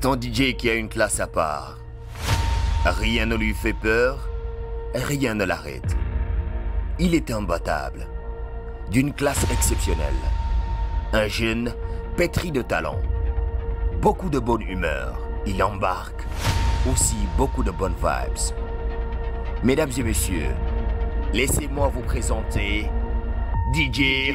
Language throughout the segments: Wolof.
C'est un DJ qui a une classe à part. Rien ne lui fait peur, rien ne l'arrête. Il est imbattable, d'une classe exceptionnelle. Un jeune pétri de talent, beaucoup de bonne humeur. Il embarque aussi beaucoup de bonnes vibes. Mesdames et messieurs, laissez-moi vous présenter DJ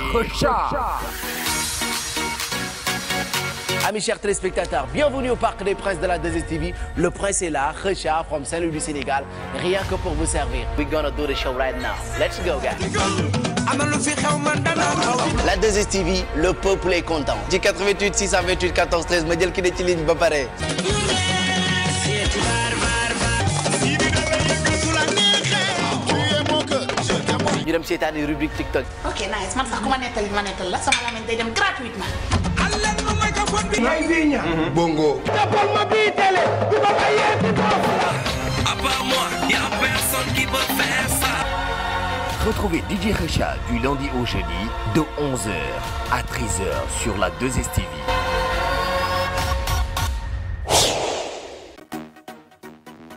Amis chers téléspectateurs, bienvenue au Parc des Princes de la 2STV. Le prince est là, Richard from Saint-Louis du Sénégal, rien que pour vous servir. We're gonna do the show right now. Let's go guys. La 2STV, le peuple est content. Ci 88 628 14 13 ma jël ki ne ci ligne ba pare. ñu dem seetaani rubrique TikTok. OK, nice. Man sax ku ma nettal ma nettal la sama lamine day dem gratuitement. Ngaye Vigna. Bongo. Tapal ma bii télé. du ma la yegg foofu la. À part moi, y a personne qui peut faire ça. Retrouvez DJ Kheucha du lundi au jeudi de 11h à 13h sur la 2STV.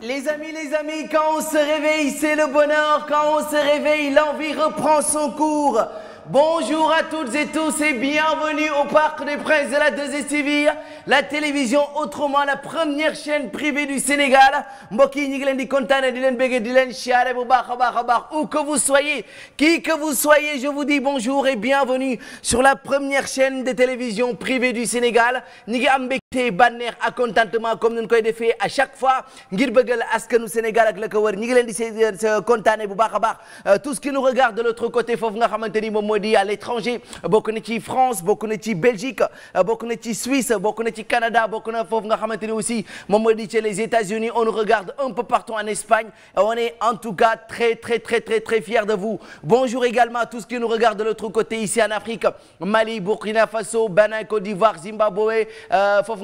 Les amis, les amis, quand on se réveille, c'est le bonheur. Quand on se réveille, l'envie reprend son cours. Bonjour à toutes et tous et bienvenue au Parc des Princes de la 2STV la télévision autrement la première chaîne privée du Sénégal mbokk yi ñu ngi leen di kontaane di leen béggee di leen siyaare bu baax a baax a baax où que vous soyez qui que vous soyez je vous dis bonjour et bienvenue sur la première chaîne de télévision privée du Sénégal ñu ngi am tey bànneex ak comme nuñ koy defee à chaque fois ngir bëggal askanu Sénégal ak la ko wër ñi euh, se kontaane bu baax a baax euh, tout ce qui nous regarde de l'autre côté foofu nga xamante ni moom moo di à l'étranger bokk na ci France bokk na ci Belgique euh, bokk ci Suisse bokk na ci Canada bokk na foofu nga aussi moom moo di ci les États-Unis on nous regarde un peu partout en Espagne on est en tout cas très très très très très de vous bonjour également à tous qui nous regardent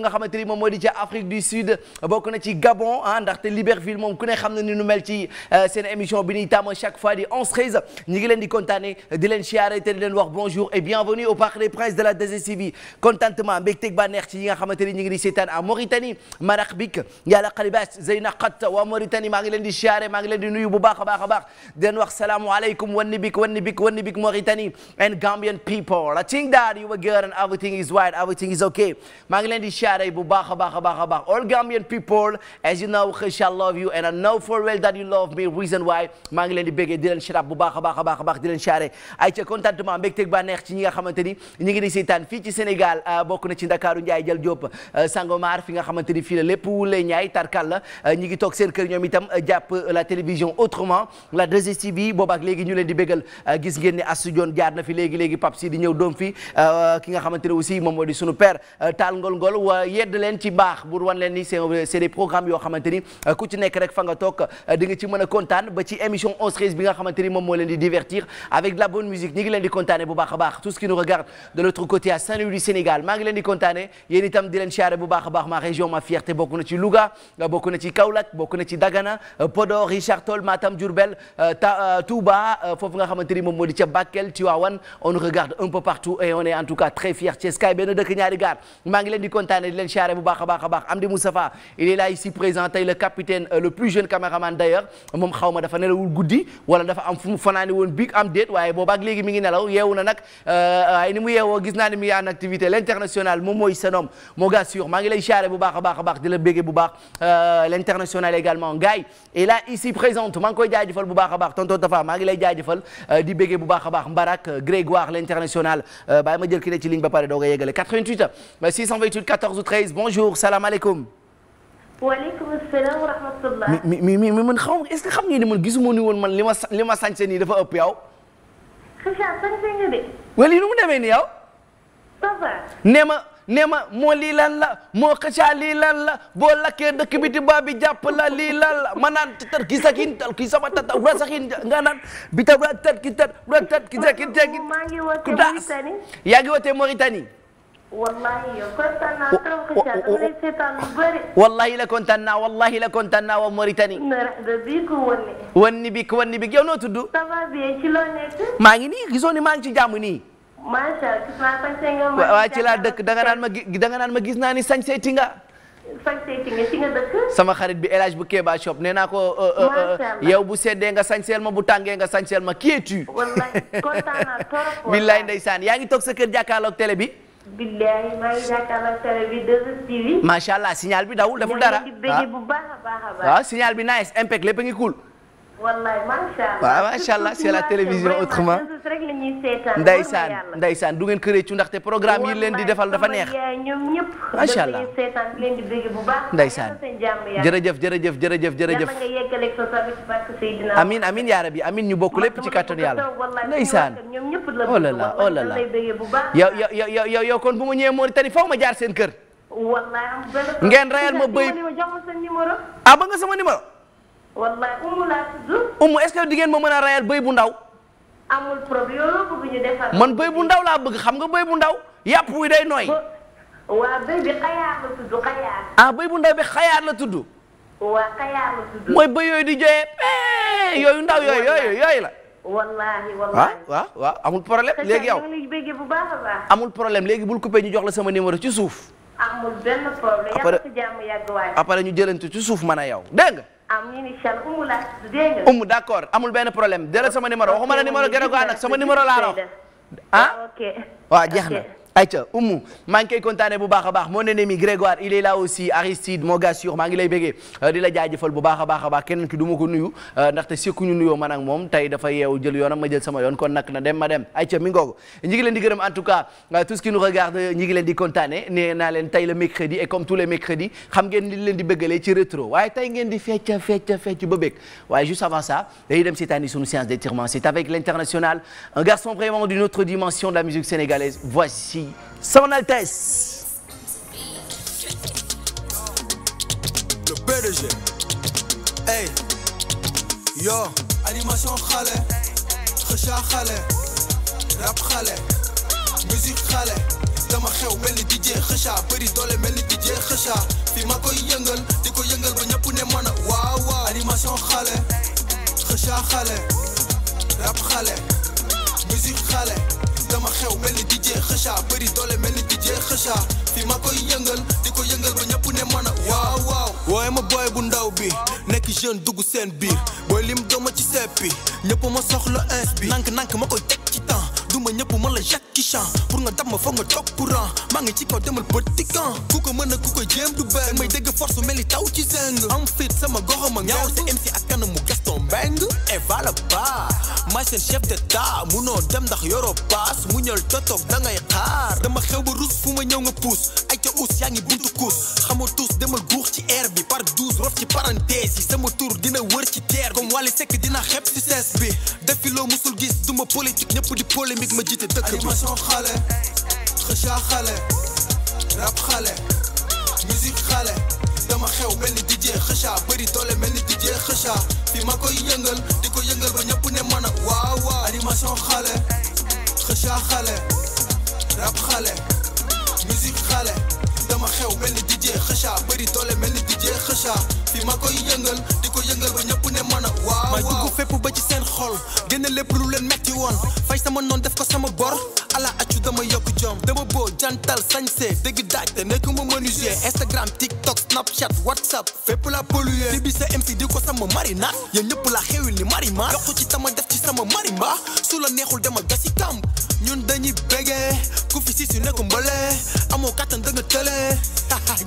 nga xamante ni moom moo di ca Afrique du Sud bokk na ci Gabon ah ndaxte Libreville moom ku ne xam na ni nu mel ci euh, seen émission bi ñuy tàmm chaque fois di 11 13 ñu ngi leen di kontaane di leen siyaare te di leen wax bonjour et bienvenue au Parc des Princes de la 2STV contentement mbégteeg bànneex ci ñi nga xamante ni ñu ngi di seetaan à Mauritanie Marrakech yàlla xalibas Zeyna Xat waa Mauritanie maa ngi leen di siyaare maa ngi leen di nuyu bu baax a baax a baax di leen wax salaamualeykum wanni bik wanni bik wanni bik Mauritanie and Gambian people I think that you were good and everything is right everything is okay maa ngi leen di siyaare bu baax a baax a baax a baax all Gambian people as you know Kheucha love you and I know for well that you love me reason why maa ngi leen di bu baax a baax a baax a baax di leen siyaare ay ca contentement mbégteeg bànneex ci ñi ni ñi ngi di ci Sénégal ah, bokk na ci Ndakaaru Njaay jël Jóob ah, Sangomar fi nga xamante ni fii la lépp wule ñaay tarkal la ah, ñi ngi toog seen kër ñoom itam la télévision autrement la 2STV booba ak ñu leen di bégal yedd leen ci baax pour wan leen ni c'est des programmes yoo xamante euh, ku ci nekk rek fa euh, nga ci mën a kontaan ba ci émission 11 13 nga xamante ni moo leen di divertir avec de la bonne musique ñi ngi leen di kontaane bu baax baax tout ce qui nous regarde de l'autre côté à Saint-Louis du Sénégal maa ngi leen di kontaane yéen itam di leen siyaare bu baax baax ma région ma fierté bokk na ci Louga euh, bokk na ci Kaolack bokk na ci Dagana Podor Richard moo di ca Bakel ñaanal di leen siyaare bu baax a baax a baax Amdi Moustapha il est là ici présent tey le capitaine euh, le plus jeune caméraman d'ailleurs moom xaw ma dafa nelawul guddi wala dafa am fu mu fanaani am déet waaye boobaak léegi mi ngi nelaw yeewu na nag euh, waaye ni mu yeewoo gis naa ni mi ngi en activité l'international moom mooy senom moo gaa sur maa ngi lay siyaare bu baax a baax a baax di la béggee bu baax euh, maa ngi koy jaajëfal bu baax a baax tonton Tafa maa ngi lay jaajëfal di béggee bu a baax Mbarak Grégoire l'international bàyyi ma jël ki ne ci ligne ba pare doo ko yegale 88 14 ou 13 bonjour salaamaaleykum. waaleykum salaam wa rahmatullah. mi mi mi mi man xaw est-ce que xam nga ni man gisuma ni woon man li ma li ma sañse nii dafa ëpp yow. xëcc sañse nga de. wala nu mu demee nii yow. ça va. nee ma nee ma moo lii lan la moo xëcca lii lan la boo lakkee dëkk bi tubaab bi jàpp la lii lan la ma naan tar ki sakin tal ki sama tata wala sakin nga naan bi tam wala tat ki tat wala tat ki sakin. maa ngi wootee Mauritanie. yaa ngi wootee Mauritanie. wallahi yow kontaan naa trop Kheucha dama lay seetaan lu la kontaan wallahi la kontaan naa waa Mauritanie. marhaba bik wanni. wanni bik wanni tudd. ci loo maa ngi nii gisoo ni maa ngi ci jàmm nii. macha laa dëkk danga naan ma danga naan ma gis naa ni sañse ti nga. sama xarit bi El Hadj bu Kéba Shop nee naa ko. Euh, euh, euh, yow bu seddee nga sañseel ma bu tàngee nga sañseel ma qui es ndeysaan yaa ngi toog sa kër jàkkaarloog tele bi billahi bi macha allah signal bi dawul deful dara. Ah. bu baax a ah, signal bi nice impec lépp a ngi wallaay macha allah waaw la télévision autrement ndeysaan ndeysaan du ngeen këree ci ndaxte programme yi leen di defal dafa neex macha allah ndeysaan jërëjëf jërëjëf jërëjëf jërëjëf amin amin yaa rabbi amin ñu bokk lépp ci kàttan yàlla ndeysaan oh là là kon bu ma ñëwee Mauritanie faw ma jaar seen kër ngeen rayal ma bëy ah, nga sama numéro wallaay umu laa tudd. umu est-ce que di ngeen ma mën a rayal bëy bu ndaw. amul problème yow bëgg ñu defar. man bëy bu ndaw laa bëgg xam nga bëy bu ndaw yàpp wi day nooy. waa bëy bi xayaar la tudd xayaar. ah bëy bu ndaw bi xayaar la tudd. waa xayaar la tudd. mooy bëy yooyu di jooyee yooyu ndaw yooyu yooyu yooyu la. wallaahi wallaahi ah, waaw waaw amul problème léegi yow bu baax a baax amul problème léegi bul coupé ñu jox la sama numéro ci suuf. amul benn problème. après ñu jëlante ci suuf man a yow dégg nga amiin incha allah umu laa dégg nga. umu d' accord amul benn problème delloo sama numéro waxuma la numéro gën a gaaw nag sama numéro laa la wax ah. ok waaw jeex na. Aïcha Oumou maa ngi koy bu baax a baax mon ennemi Grégoire il est là aussi Aristide mon gars sûr maa ngi lay béggee euh, di la jaajëfal bu baax a baax a baax keneen ki du ma ko nuyu euh, ndaxte sikku ñu nuyoo man ak moom tey dafa yeewu jël yoonam ma jël sama yoon kon nak na dem ma dem Aïcha mi ngoogu ñi gërëm en tout cas euh, tout ce qui nous regarde ñi ngi leen di kontaane nee naa comme tous les mercredis xam ngeen ni leen di ci rétro waaye tey Merci, Son Altesse. Le PDG. Hey. Yo. Animation xale. Xacha xale. Rap xale. Musique xale. dama xew mel ni DJ Xacha bëri doole mel ni DJ Xacha fi ma koy yëngal di ko yëngal ba ñëpp mana waaw waaw xale Xacha xale rap xale musique xale dama xew mel ni DJ Kheucha bëri doole mel ni DJ Kheucha fi ma koy yëngal di ko yëngal ba ñëpp ne man waaw waaw waaye ma booy bu ndaw bi nekk jeune dugg seen biir booy lim dooma ci seppi ñëpp ma soxla ins bi nank nank ma koy teg ci temps duma ñëpp man la Jackie Chan pour nga dab ma foog nga toog courant maa ngi ci kaw demal petit camp ku ko mën a ku ko jéem du benn may dégg force mel ni taw ci seng am fit sama gox ma ñaaw si MC ak kanamu Gaston Mbengue Eva la ba maay seen chef d'état munoo dem ndax yoroo paas mu ñëw totoog da ngay xaar dama xew ba rus fu ma ñëw nga puus ay ca us yaa ngi buntu kuus xamoo guux ci air par douze rof ci parenthèse yi sama tur dina wër ci terre comme Wally Seck dina rythmique ma jiite dëkk bi animation xale xëcca xale rap xale musique xale dama xew mel ni DJ xëcca bëri doole mel ni DJ xëcca fi ma koy yëngal di ko yëngal ba ñëpp ne mën a waaw waaw xale xëcca xale rap xale musique xale dama xew mel ni DJ xëcca bëri doole mel ni DJ xëcca fi ma koy yëngal di ko yëngal ba ñëpp ne mën seen xol génne lépp lu leen metti woon fay sama noon def ko sama bor ala accu dama yokk jom dama boo jantal sañse dégg daajte nekkuma menuisier Instagram TikTok Snapchat WhatsApp fépp la polluer si bi sa MC di ko sama marinade yéen ñëpp la xewil ni marima yokku ci tama def ci sama marimba su la neexul dama gasi kam ñun dañuy bégee ku fi si si nekku mbale kata kattan da nga tële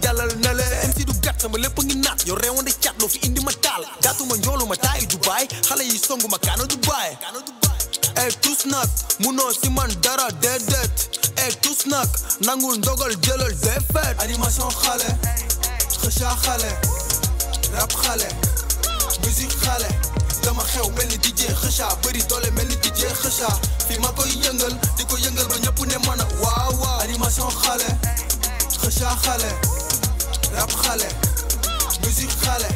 jàllal na le MC du gàtt sama lépp ngi naat yow reewande cat loo ma taal gaatuma ma taayi Dubaay xale ma kaanu Dubaay ey tus nag munoo si man dara déedéet ey tus nag nangul ndogal jëlal défaite animation xale xëca xale rap xale musique xale dama xew mel ni DJ xëca bëri doole mel ni DJ xëca fi ma koy yëngal di ko yëngal ba ñëpp mana waaw waaw xale xëca xale rap xale musique xale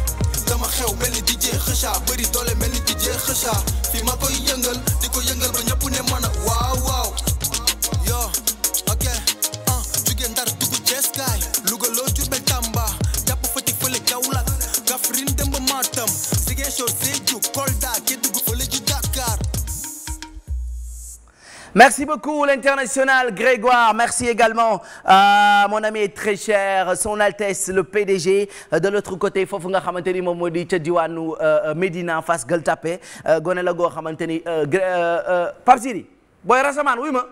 dama xew mel ni DJ Kheucha bëri doole mel ni DJ Kheucha fi ma koy yëngal di ko yëngal ba ñëpp ne mana waaw waaw yo ok ah jugee ndar dugg Thiès kaay Louga loo Diourbel Tamba jàpp Fatick fële Kaolack Kaffrine dem ba Matam Ziguinchor Sédhiou Kolda Kédougou Merci beaucoup l'international Grégoire. Merci également à euh, mon ami très cher son Altesse le PDG euh, de l'autre côté foofu nga xamante ni moom moo di ca diwaanu euh, Médina Fass Gueule Tapée gone la goo xamante ni Pape Siri booy rasamaan wuy ma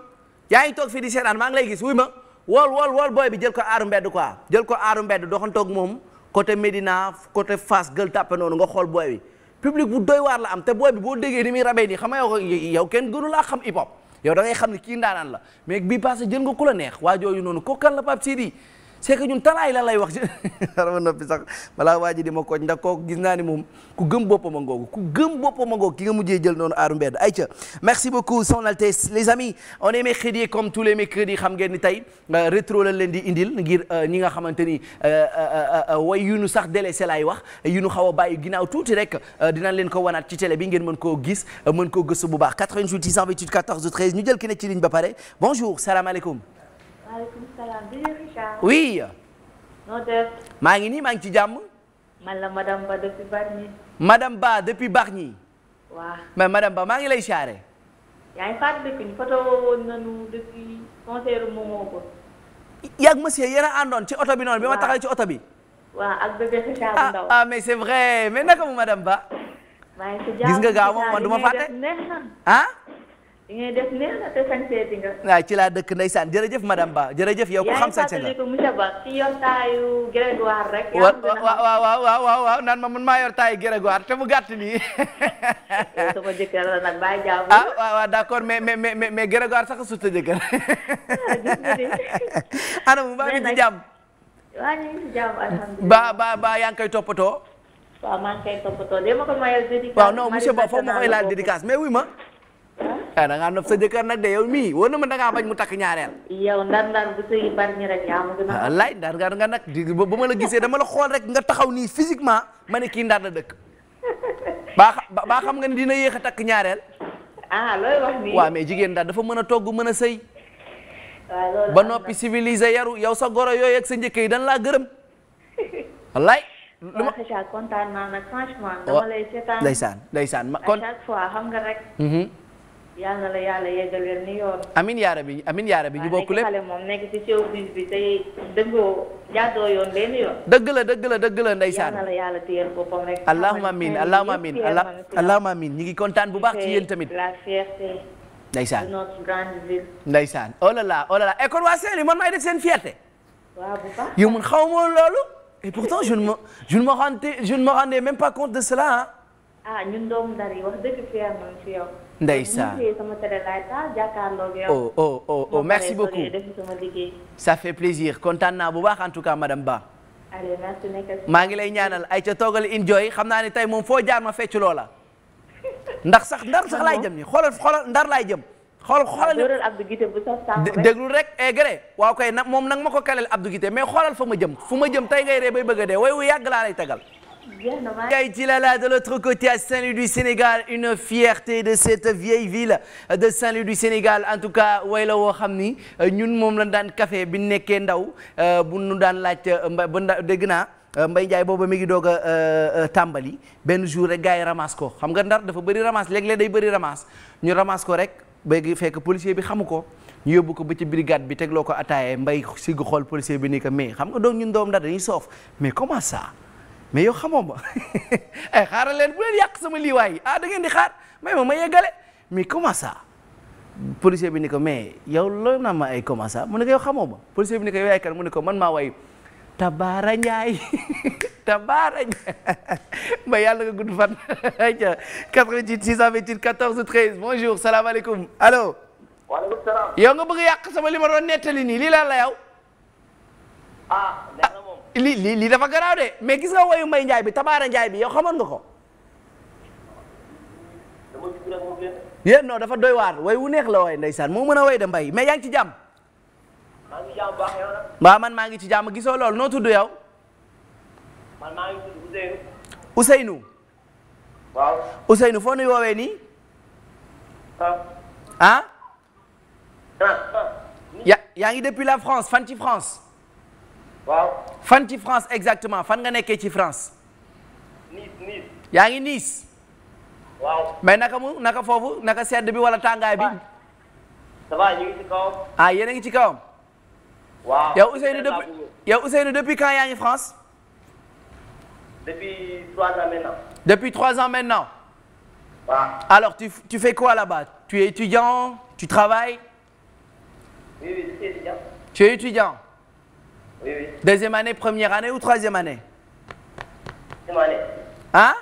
yaa ngi toog fii di seetaan maa ngi lay gis wuy ma wol wol wol booy bi jël ko aaru mbedd quoi jël ko aaru mbedd toog moom côté Médina côté Fass Gueule Tapée noonu nga xool booy bi public bu doy waar la am te booy bi boo déggee ni muy rabee nii xam nga yow kenn gënu laa xam hip hop yow da ngay xam ne kii la mais bii passé jël nga ku la neex waa jooju noonu kookan la Pape Sidi c'est que ñun talaay la lay wax ci xarama noppi sax balaa waa ji di ma kooj ndax gis naa ni moom ku gëm boppam a ngoogu boppam a ki nga mujjee jël noonu aaru mbedd ayca merci beaucoup son altesse les amis on est comme tous les mercredis xam ngeen ni tey euh, rétro la leen di indil ngir euh, ñi nga xamante ni euh, way yu nu sax délaissé laay wax yu nu xaw a bàyyi ginnaaw tuuti rek dinañ leen ko wanaat ci télé bi ngeen mën ko gis mën koo gëstu bu baax 88 628 14 ñu jël ki ne ci ligne ba pare bonjour salaamaaleykum maaleykum maa ngi nii maa ngi ci jàmm. man la madame Ba depuis Bargny. madame Ba depuis Bargny. waaw Ba maa ngi lay siyaare. yaa ngi fàttaliku ñu photo woon nañu depuis concert moomoo yaa ngi monsieur yéen a àndoon ci oto bi noonu. bi ma taxalee ci oto bi. waaw ak ah, ah mais c'est vrai mais naka mu madame Ba. gis nga gaaw man du ma di def ci laa dëkk ndeysaan jërëjëf madame Ba jërëjëf yow. ku xam sañ se nga yaa ngi Ba ci yor taayu rek. yaa waaw waaw waaw waaw ma man maa yor taayu te mu gàtt nii. sama jëkkër la nag bàyyi jaamu. mais mais mais mais Grégoire sax a sut sa jëkkër. ana mu baa ngi ci jàmm. ba ba ba yaa ngi koy toppatoo. de ma ko mayal dédicace. waaw non ah da ngaa nopp sa jëkkër nag de yow mii wóor na ma da ngaa mu takk ñaareel. yow ndar-ndar a. wallaay ndar-ndar nga nag di ba mën a gisee dama la xool rek nga taxaw nii physiquement ma ne kii ndar la dëkk baa xam nga ni dina yéex a takk ñaareel. ah looy wax nii. waaw mais jigéen ndar dafa mën a togg mën a sëy. ba noppi civilisé yaru yow sa goro yooyu ak sa njëkk yi dañ laa gërëm. wallaay. lu ma kontaan yal na la yàlla yeggaleel ni yoon. amiin yaa rabi amiin yaa rabi ñu bokk lépp xale ci showbiz dëgg la dëgg la dëgg la ndeysaan. yàlla téyel boppam ngi kontaan bu baax ci yéen tamit. la fierté. ndeysaan de notre grande ville. ndeysaan oh là là oh eh, yow man xaw ma loolu. et pourtant je ne me je ne me rendais je ne me rendais compte de cela ah. ah ñun doomu wax dëgg fier nañ ci ndeysaan oh oh oh oh merci beaucoup ça fait plaisir kontaan naa bu baax en tout cas madame Ba. maa ngi lay ñaanal ay ca toogal enjoy xam naa ne tey moom foo jaar ma fecc loola. ndax sax ndar sax laay jëm ni xoolal xoolal ndar laay jëm. xool xoolal déglu rek egre eh, waaw kay nag moom nag ma ko kaleel Abdou Guité mais xoolal fa ma jëm fu ma jëm tey ngay ree bay bëgg a dee way wu yàgg laa lay tegal. Ndiaye Tilala de l'autre côté à Saint-Louis du Sénégal une fierté de cette vieille ville de Saint-Louis du Sénégal en tout cas way la woo xam ni euh, ñun moom lañ daan café bi nekkee ndaw euh, bu nu daan laaj euh, ba dégg naa Mbaye Ndiaye booba mi ngi doog a tàmbali benn jour rek gars ramas ko xam nga ndar dafa bëri ramasse léeg-léeg day bëri ramasse ñu ramasse ko rek bëgg fekk policier bi xamu ko ñu yóbbu ko ba ci brigade bi tegloo ko attaaye mbay sigg xool policier bi ni que mais xam nga doom ñun doom ndar dañuy mais comment mais yow xamoo ma ay eh, xaaral leen bu leen yàq sama liiwaay ah da ngeen di xaar may ma ma yeggale mais comment ça policier ni ko mais yow la naa ma ay comment ça mu ne ko yow xamoo ma policier bi ni ko yow yaay kan mu ne ko man maa way Tabaara Njaay Tabaara Njaay mbay yàlla nga gudd fan 88 628 14 13 bonjour salaamaaleykum allo. waaleykum salaam. nga bëgg a yàq sama li ma doon nettali nii lii laa la yow. Ah, li li li dafa garaaw de mais gis nga woyu Mbaye Ndiaye bi tabaara Ndiaye bi yow xamoon nga ko. yéen non dafa doy waar way wu neex la way ndeysaan moo mën a way de mbay mais yaa ngi ci jàmm. maa ngi ci jàmm baax yow nag. man maa ci jàmm gisoo loolu noo tudd yow. man maa ngi tudd Ousseynou. Ousseynou. waaw Ousseynou foo nuy nii. Ah. Ah? ah. ah. ya yaa ngi depuis la France fan ci France. waaw fan ci France exactement fan nga nekkee ci France. Nice yaa ngi Nice. waaw mais naka mu naka foofu naka sedd bi wala tàngaay bi. ça va ñu ngi ci kawam. ah yéen a ngi ci kawam. waaw yow Ousseynou depuis yow Ousseynou depuis quand yaa ngi France. depuis trois ans maintenant. depuis trois ans maintenant. waaw alors tu tu fais quoi là-bas tu es étudiant tu travailles. oui oui deuxième année première année ou troisième année. deuxième année. ah.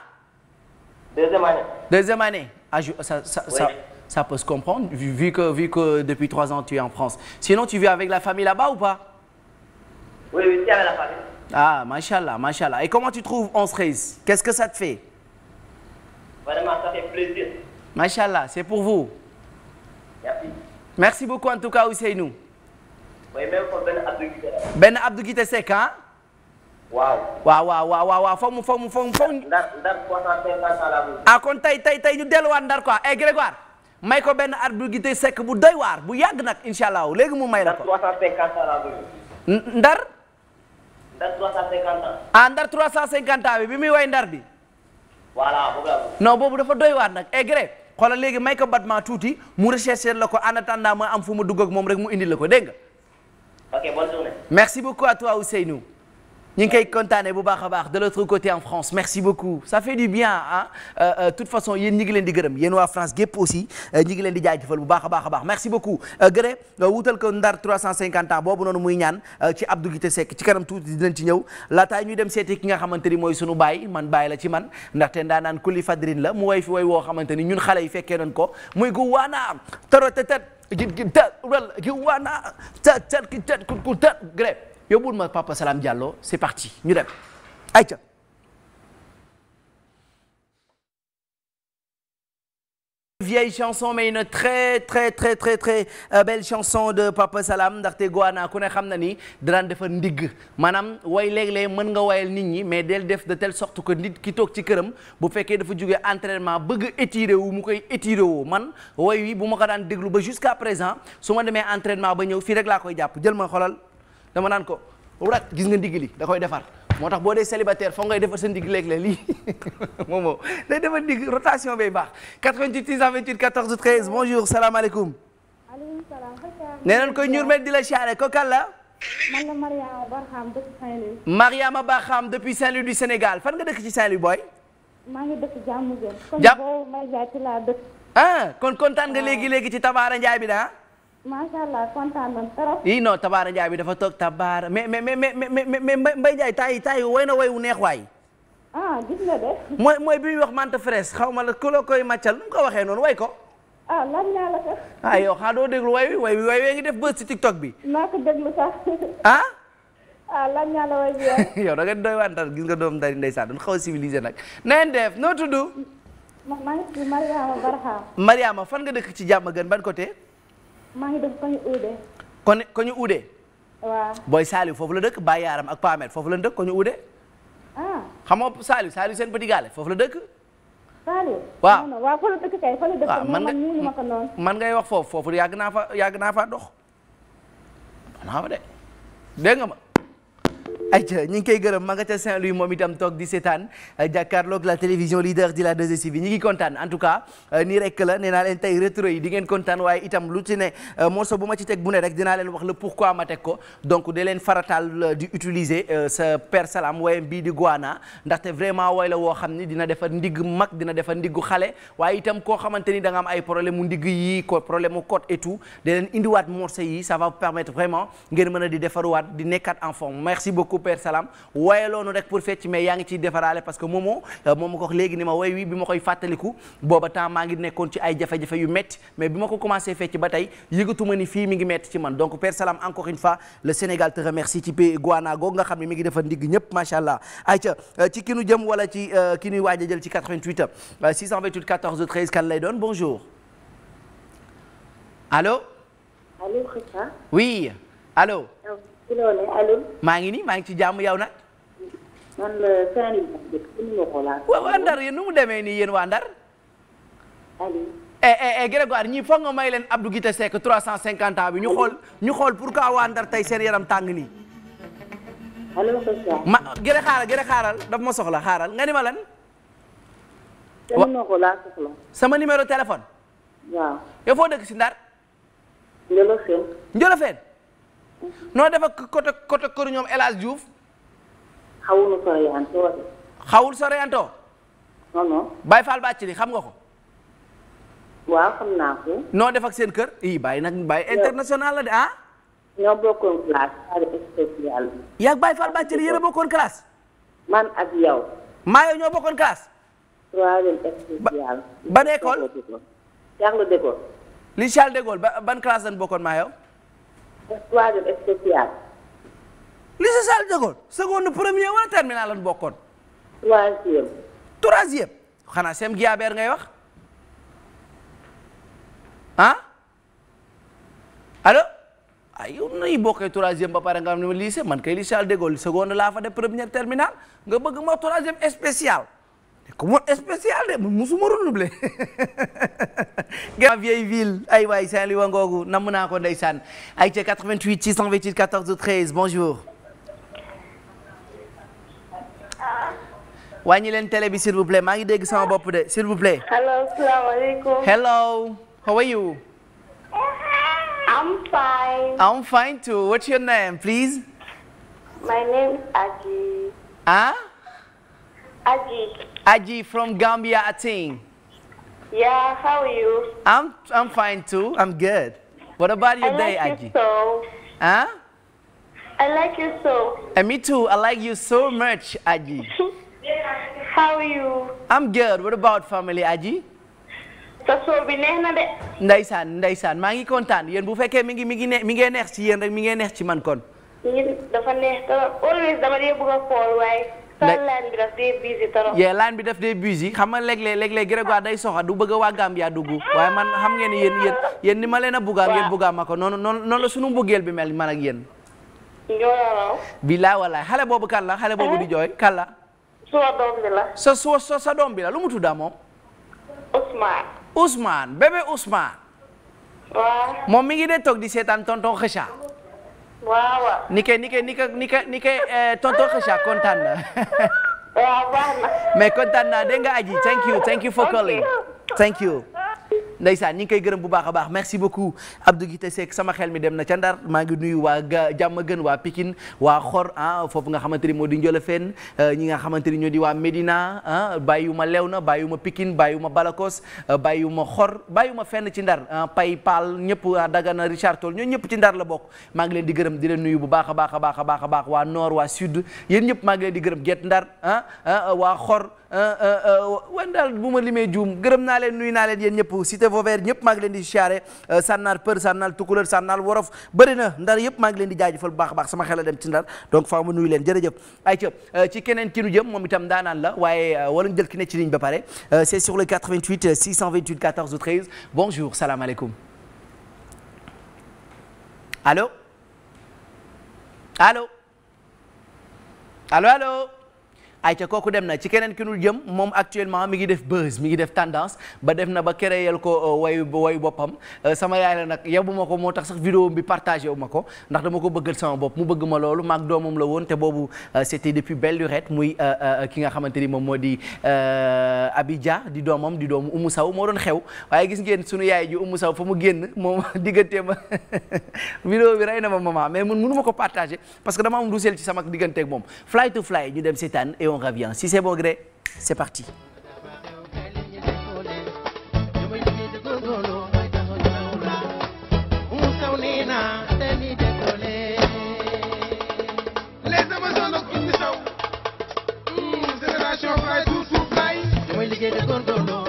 deuxième année. deuxième année ah je ça ça oui. ça ça peut se comprendre vu, vu que vu que depuis trois ans tu es en France sinon tu vis avec la famille là ou pas. ah machallah machallah et comment tu trouves qu'est-ce que ça te fait. machallah c'est pour vous. merci. merci beaucoup en tout cas Ousseynou. benn Abdou Guité la. benn ah? waaw. waaw waaw waaw waaw foog mu foog mu foog mu. ndar ndar 350 la ah kon tey tey tey ñu delluwaat ndar quoi eh may ko benn Abdou Guité Seck bu doy waar bu yàgg nag incha allah léegi mu may la ko. ndar 350 ndar. ah ndar 350 ans bi bi muy way ndar bi. voilà boobu dafa doy waar nag eh Gré. xoolal léegi may ko batma tuuti mu recherche la ko en attendant ma am fu mu dugg moom rek mu indi la ko dégg ok bonne journée. merci beaucoup a toi Ousseynou. ñu ngi koy kontaanee bu baax a baax de l'autre côté en France merci beaucoup ça fait bien ah toute façon yéen ñi ngi leen di gërëm yéen waa France gépp aussi euh, ñi ngi leen di jaajëfal bu baax a baax a baax merci beaucoup gëré wutal ko ndar 350 ans boobu noonu muy ñaan ci Abdou Guité Seck ci kanam tuuti dinañ ci ñëw laataay ñuy dem seeti ki nga xamante ni mooy sunu baay man baay la ci man ndaxte ndaa naan kuli fadrin la mu way fi way woo xamante ni ñun xale fekkee noon ko yóbbul ma Papa Salam Diallo c'est parti ñu dem ayca vieille chanson mais une très très très très très euh, belle chanson de Papa Salam ndaxte Goana ku ne xam na ni daan defar ndigg maanaam way léeg mën nga wayal nit ñi mais del def de telle sort que nit ki toog ci këram bu fekkee dafa jógee entraînement bëgg étiré wu mu koy étiré woo man way wii bu ma ko daan déglu ba jusqu'à présent su ma demee entraînement ba ñëw fii rek laa koy jàpp jël ma xolal ma naan ko rat gis nga ndigg li da koy defar moo tax boo dee célibataire foog ngay defar sa ndig léeg-léeg lii moom moo day defar ndig rotation bay baax 88 a 14 13 bonjour salaamaaleykum. maaleykum salaam. nee nañu koy ñuur met di la siyaare ko kan la. man la Mariama Barham depuis Saint-Louis. Mariama du Sénégal fan nga dëkk ci Saint-Louis booy. maa ngi dëkk Diamaguène. Diam kon boo ah, kon kontaan nga léegi léegi ci Tabara Ndiaye bi daa. Ah? macha allah kontaan nañ trop. ii non tabaara Njaay bi dafa toog tabaara mais mais mais mais mais Mbaye Njaay taay taay woy na woy wu neex waay. ah gis nga de. mooy mooy bi muy wax mante fraise xaw ma la ku la koy màccal nu mu ko waxee noonu way ko. ah lan laa la ko. ah yow xaa doo déglu way wi way wi way wee ngi def bës ci TikTok bi. naa ko déglu sax. ah. ah lan laa la way bi yow da nga doy wantal gis nga doom dari ndeysaan doon xaw a civilisé nag. neen def noo tudd. maa ngi Mariama Barham. Mariama fan nga dëkk ci jàmm gën ban côté. maa ngi dëkk uude. kon koñu uude. waaw booy Saliou foofu la dëkk Baye yaaram ak Pamet foofu la dëkk koñu uude. ah xam saali Saliou Saliou seen petit gàllé foofu la dëkk. Saliou. waaw man man ma ngay wax foofu foofu yàgg naa fa yàgg naa fa dox. de dégg aja ñi ngi koy gërëm ma Saint-Louis moom itam toog di seetaan euh, jàkkaarloog la télévision leader di la 2STV ñi ngi kontaan en tout cas euh, nii rek la nee naa leen tey rétro yi di ngeen kontaan waaye itam lu ci ne euh, morceau bu ma ci teg bu ne rek dinaa leen wax le pourquoi ma teg ko donc da leen farataal di utiliser sa per salam woyam bii di Guana ndaxte vraiment wooy la woo xam ni dina defar ndigg mag dina defar ndiggu xale waaye itam koo xamante ni da nga am ay problème mu ndigg yi ko problème mu code et tout indiwaat morceau yi ça va vraiment ngeen mën a di defaruwaat di nekkaat en beaucoup Père Salam waaye loonu rek pour fecc mais yaa ngi ciy defaraale parce que euh, moomoo moo ma ko wax léegi ni ma way wi bi ma koy fàttaliku booba temps maa ngi nekkoon ci ay jafe-jafe yu métti mais bi ma ko commencé fecc ba tey yëgatuma ni fii mi ngi métti ci man donc Père Salam encore une fois le Sénégal te remercie ci pays Guana nga xam ne mi ngi defar ndigg ñëpp macha allah ayca euh, ci ki jëm wala ci euh, ki nuy waaj a jël ci 88 628 14 13 kan lay doon bonjour allo. allo maa ngi nii maa ngi ci jàmm yow nag. man waa Ndar yéen nu mu demee nii yéen waa Ndar. Aliou. Eh, eh, eh Grégoire ñii foog nga may leen Abdou Guité Seck 350 ans bi ñu xool ñu xool pourquoi waa Ndar tey seen yaram tàng nii. allo. ma gërë xaaral daf ma soxla xaaral nga ni ma lan. sama numéro téléphone. waaw. yow foo dëkk si Ndar. Njolofeen. Njolofeen. noo def ak côté côté kër ñoom El Hadj Diouf. xawul soreyantoo. xawul soreyantoo. non li xam nga ko. waaw xam naa noo def ak seen kër i Baye nag Baye international la de ah. ñoo bokkoon classe. yaa ngi Baye Fall bàcc li yéen a bokkoon classe. man ak yow. maa ñoo bokkoon classe. troisième spécial. ban école. li Charles de Gaulle ba ban classe lañ bokkoon maa troisième spécial. lycée Charles de Gaulle seconde premier wala terminal lan bokkoon. troisième. troisième xanaa sem Guiabert ngay wax ah allo ay yow nay bokkee troisième ba pare nga xam man kay lycée Charles de Gaulle seconde laa fa def terminal nga bëgg ma troisième spécial. comme woon spécial de eh, man musuma renouveler ma vieille ville ay waay Saint-Louis wa ngoogu namm naa ko ndeysaan ay ca 88 628 14 13 bonjour wàññi leen télé bi s'il vous plaît maa ngi dégg sama bopp de s'il vous plaît hello salaamaaleykum hello how are you I'm fine I'm fine too what's your name Aji from Gambia, Ating. Yeah, how are you? I'm, I'm fine too. I'm good. What about your I day, like Aji? You so. Huh? I like you so. And eh, me too. I like you so much, Aji. how are you? I'm good. What about family, Aji? taso bi neex na de. Ndeysaan Ndeysaan maa ngi kontaan yéen bu fekkee mi ngi mi ngi ne mi ngi neex ci yéen rek mi ngi neex ci man kon. dafa neex trop always dama dee bëgg a xool waaye. léegi line bi yee line bi daf dee bus yi xam nga léeg-léeg léeg-léeg Grégoire day soxa du bëgg a waa dugg waaye man xam ngeen ni yéen yéen yéen ni ma leen a buggaa ngeen buggaa ma ko noonu noonu noonu sunu mbëggeel bi mel man ak yéen. ñoo bilaay walaay xale boobu kan la xale boobu hmm? di jooy kan la. sa doom bi la. doom bi lu mu tudda moom. Ousmane. Ousmane bébé moom mi ngi dee toog di seetaan tonton Kheucha. waaw waaw ni ke ni ke ni ke ni kontaan na. waaw baax na. mais kontaan na dégg nga aji thank you thank you for calling. thank you. ndeysaan ñi ngi koy gërëm bu baax a baax merci beaucoup Abdou Guité seek sama xel mi dem na ca Ndar maa ngi nuyu waa jàmm gën waa Pikine waa Xor ah foofu nga xamante ni moo di Njolofeen euh, ñi nga xamante ni ñoo di waa ma ah bàyyiwuma ma bàyyiwuma Pikine bàyyiwuma Balakos euh, bàyyiwuma Xor ma fenn ci Ndar ah, Pay Paal ñëpp ah, Dagana Richard tool ñoo ñëpp ci Ndar la bokk maa ngi leen di gërëm di leen nuyu bu baax a baax a baax a baax waa Nord waa Sud yéen ñëpp maa ngi di gërëm Guet Ndar ah, ah waa Xor Euh, euh, euh, wan daal bu ma limee juum gërëm naa leen nuyu naa leen yéen ñëpp cité Vauvert ñëpp maa ngi leen di siyaare sànnaar Për sànnaar Tukulër sànnaar Worof bëri na ndar yëpp maa ngi leen di jaajëfal bu baax a baax sama xel a dem ci ndar donc faaw ma nuyu leen jërëjëf ay ca ci keneen ki nu jëm moom itam daanaan la waaye wala ñu jël ki ne ci ligne ba pare c'est sur le 88 628 14 ou 13 bonjour salaamaaleykum allo allo allo allo ayca kooku dem na ci keneen ki nul jëm moom actuellement mi ngi def buzz mi ngi def tendance ba def na ba créel ko euh, way wayu boppam euh, sama yaay la nag yabu ma ko moo tax sax vidéo bi partagé wu ma ko ndax dama ko bëggal sama bopp mu bëgg ma loolu maag doomam la woon te boobu euh, c'était depuis belle lurette muy ki nga xamante ni moom moo di Abidja di doomam di doomu Oumou Sow moo doon xew waaye gis ngeen sunu yaay ji Oumou Sow fa mu génn moom diggante ma vidéo bi rey na ma maman mais mun on revient si c'est bon gré c'est parti. Get a gun, gun, gun.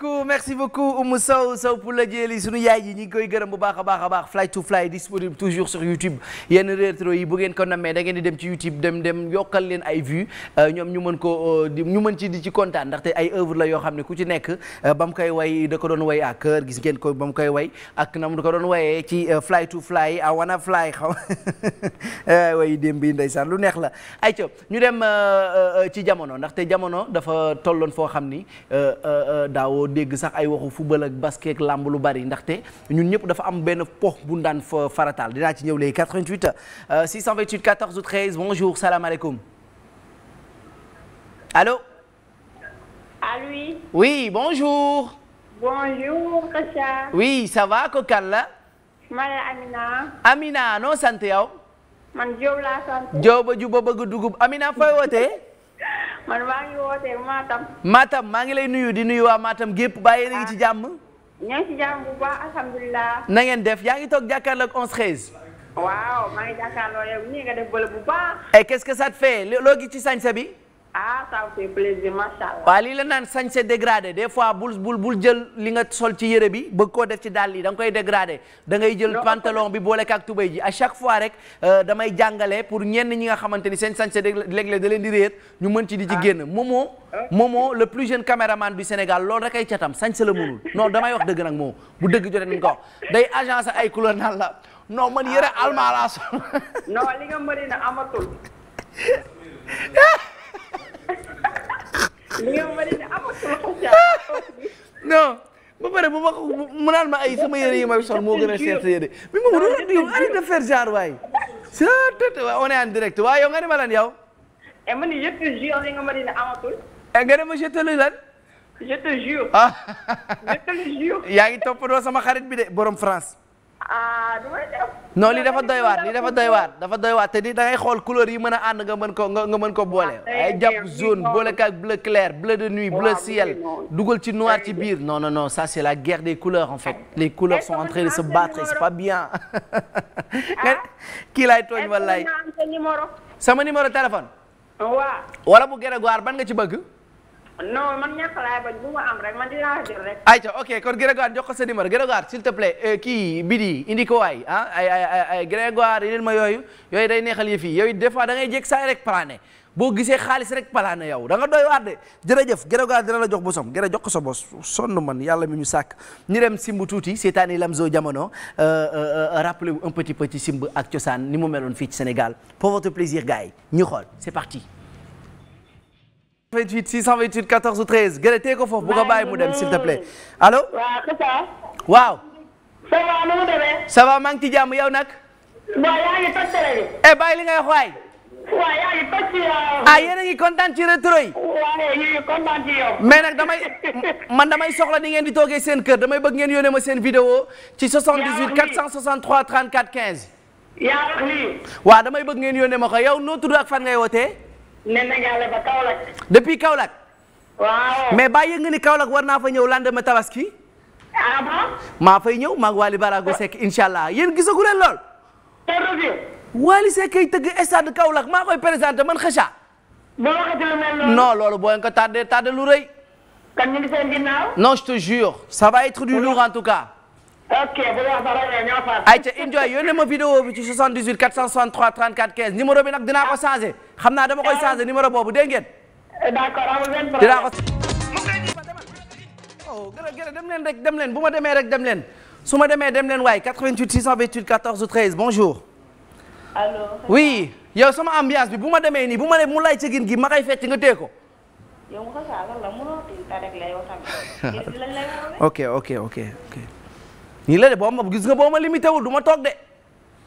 beaucoup. beaucoup merci beaucoup Oumou Sow Sow pour la jéeli sunu yaay ji ñi koy gërëm bu baax a baax a baax fly to fly disponible toujours sur YouTube yenn rétro yi bu ko namee da ngeen di dem ci dem dem yokkal leen ay vues euh, ñoom ñu mën ko euh, ñu mën ci di ci kontaan ndaxte ay œuvre la yoo xam ne ku ci nekk euh, ba mu koy way da ko doon way à cœur gis ngeen ko ba mu koy way ak na mu ko doon wayee ci fly to fly I wanna fly xaw eh, way dem bi ndeysaan lu neex la ay ca ñu dem ci jamono ndaxte jamono dafa tolloon foo xam ni daawoo dégg sax ay waxu football ak basket ak làmb lu ndaxte ñun ñëpp dafa am benn po bu ñu daan farataal dinaa ci ñëw léegi 88 628 14 13 bonjour salaamaaleykum ou allo oui. oui bonjour. bonjour Kheucha. oui ça va ko kan la. ma Amina. Amina noo sant yow. man Diop laa sant. Diop dugub Amina fooy wootee. man maa ngi wootee Matam. Matam maa ngi lay nuyu di nuyu waa Matam gépp bàyyi na ngi ci jàmm. ñoo ngi ci jàmm bu baax alhamdulilah. na ngeen def yaa ngi toog jàkkaarloog 11 13. waaw maa ngi jàkkaarloo yow nii nga def bële bu baax. et eh, qu'est-ce que ça te fait loo gi ci sañsa bi. ah ça waaw lii la naan sañse dégradé des fois bul bul bul jël li nga sol ci yére bi bëgg koo def ci dàll yi danga koy dégradé dangay ngay jël pantalon bi boole ak tubéy ji à chaque fois rek euh, damay jàngale pour ñenn ñi nga xamante ni seen sañse léeg-léeg da leen di réer ñu mën ci di ci ah. génn Momo ah. Momo le plus jeune caméraman du Sénégal loolu rek ay catam sañse la mënul non damay wax dëgg nag moom bu dëgg jotee nañ ko wax day agence ay couleur naan la non man yére almaa ah, laa na amatul non ba pare bu ma mu naan ma ay sama yére yi may sol moo gën a seet yére mi ma doon yow arrête de faire genre waay sa tëdd on est en direct waaye yow nga ne ma lan yow. ma ni je te ma ne ma je te lan. je te jure. yaa ngi toppatoo sama xarit bi de borom France. ah du may li dafa doy waar li dafa doy dafa doy te di da ngay xool couleur yi mën a ànd nga mën ko nga mën ko boole. Ah, ay jàpp jaune boole kaak bleu clair bleu de nuit bleu ciel. dugal ci noir ci biir non non non ça c'est la guerre des couleurs en fait. les couleurs sont en de se battre c'est pas bien. kii laay tooñ wallaay. sama numéro téléphone. waaw. wala bu gërëm waar ban nga ci bëgg. non man ñàkk laay bañ bu ma am rek man dinaa jël rek. ayca ok kon jox ko sa numéro Grégoire s'il te euh, kii Bidi indi ko waay ah ay ay ay Grégoire ma yooyu yooyu day neexal yëf yi yooyu des fois da ngay jékki saa rek plané boo gisee xaalis rek palaane yow da nga doy waar de jërëjëf Grégoire dina la jox bosam gërë jox ko sa bos sonn man yàlla mi ñu sàkk ñu dem simb tuuti seetaani Lamzo jamono euh, euh, rappelez-vous un petit peu simb ak cosaan ni mu meloon fii ci Sénégal pour votre plaisir gars yi ñu xool 28 628 14 13 gën a tee ko foofu bu ko bàyyi mu dem s'il te plaît allo. waaw c'est ça. waaw. ça va nu mu demee. ça maa ngi ci jàmm yow nag. bon eh, li nga xooy. waaw yaa ngi toj ci yow. Euh, ah yéen a ngi kontaan ci rétro yi. waaw ñu ngi kontaan ci yow. mais nag damay man damay soxla ni ngeen di toogee seen kër damay bëgg ngeen yónnee ma seen vidéo ci 78 463 34 15. yaa wax lii. waaw damay bëgg ngeen yónnee ma ko yow noo tudd ak fan ngay wootee. nee na yàlla ba Kaolack. depuis Kaolack. mais bàyyi nga ni Kaolack war naa fa ñëw lendemain tabaski. ah bon. maa fay ñëw maa ngi Wally Barago Seck incha allah yéen gisagu leen lool. Wally Seck kay tëgg kawlak Kaolack maa koy présenté man xëcca. boo waxee lu mel noonu. non loolu boo ko tardé tardé lu rëy. kan ñu ngi en tout cas. ok bu wax yo ñoo far. ayca enjoy yónnee ma vidéo bi ci 78 463 34 15 numéro bi nag dinaa ko changé xam naa dama koy changé numéro boobu dégg ngeen. d'accord amul benn problème dinaa ko. oh gërëm gërëm dem leen rek dem leen bu ma demee rek dem leen su ma demee dem leen waay 88 628 14 13 bonjour. allo. oui yow sama ambiance bi bu ma demee nii bu ma ne mu lay cëgin gi ma koy fecc nga téye nii la de boo ma gis nga boo ma limité wul du ma toog de.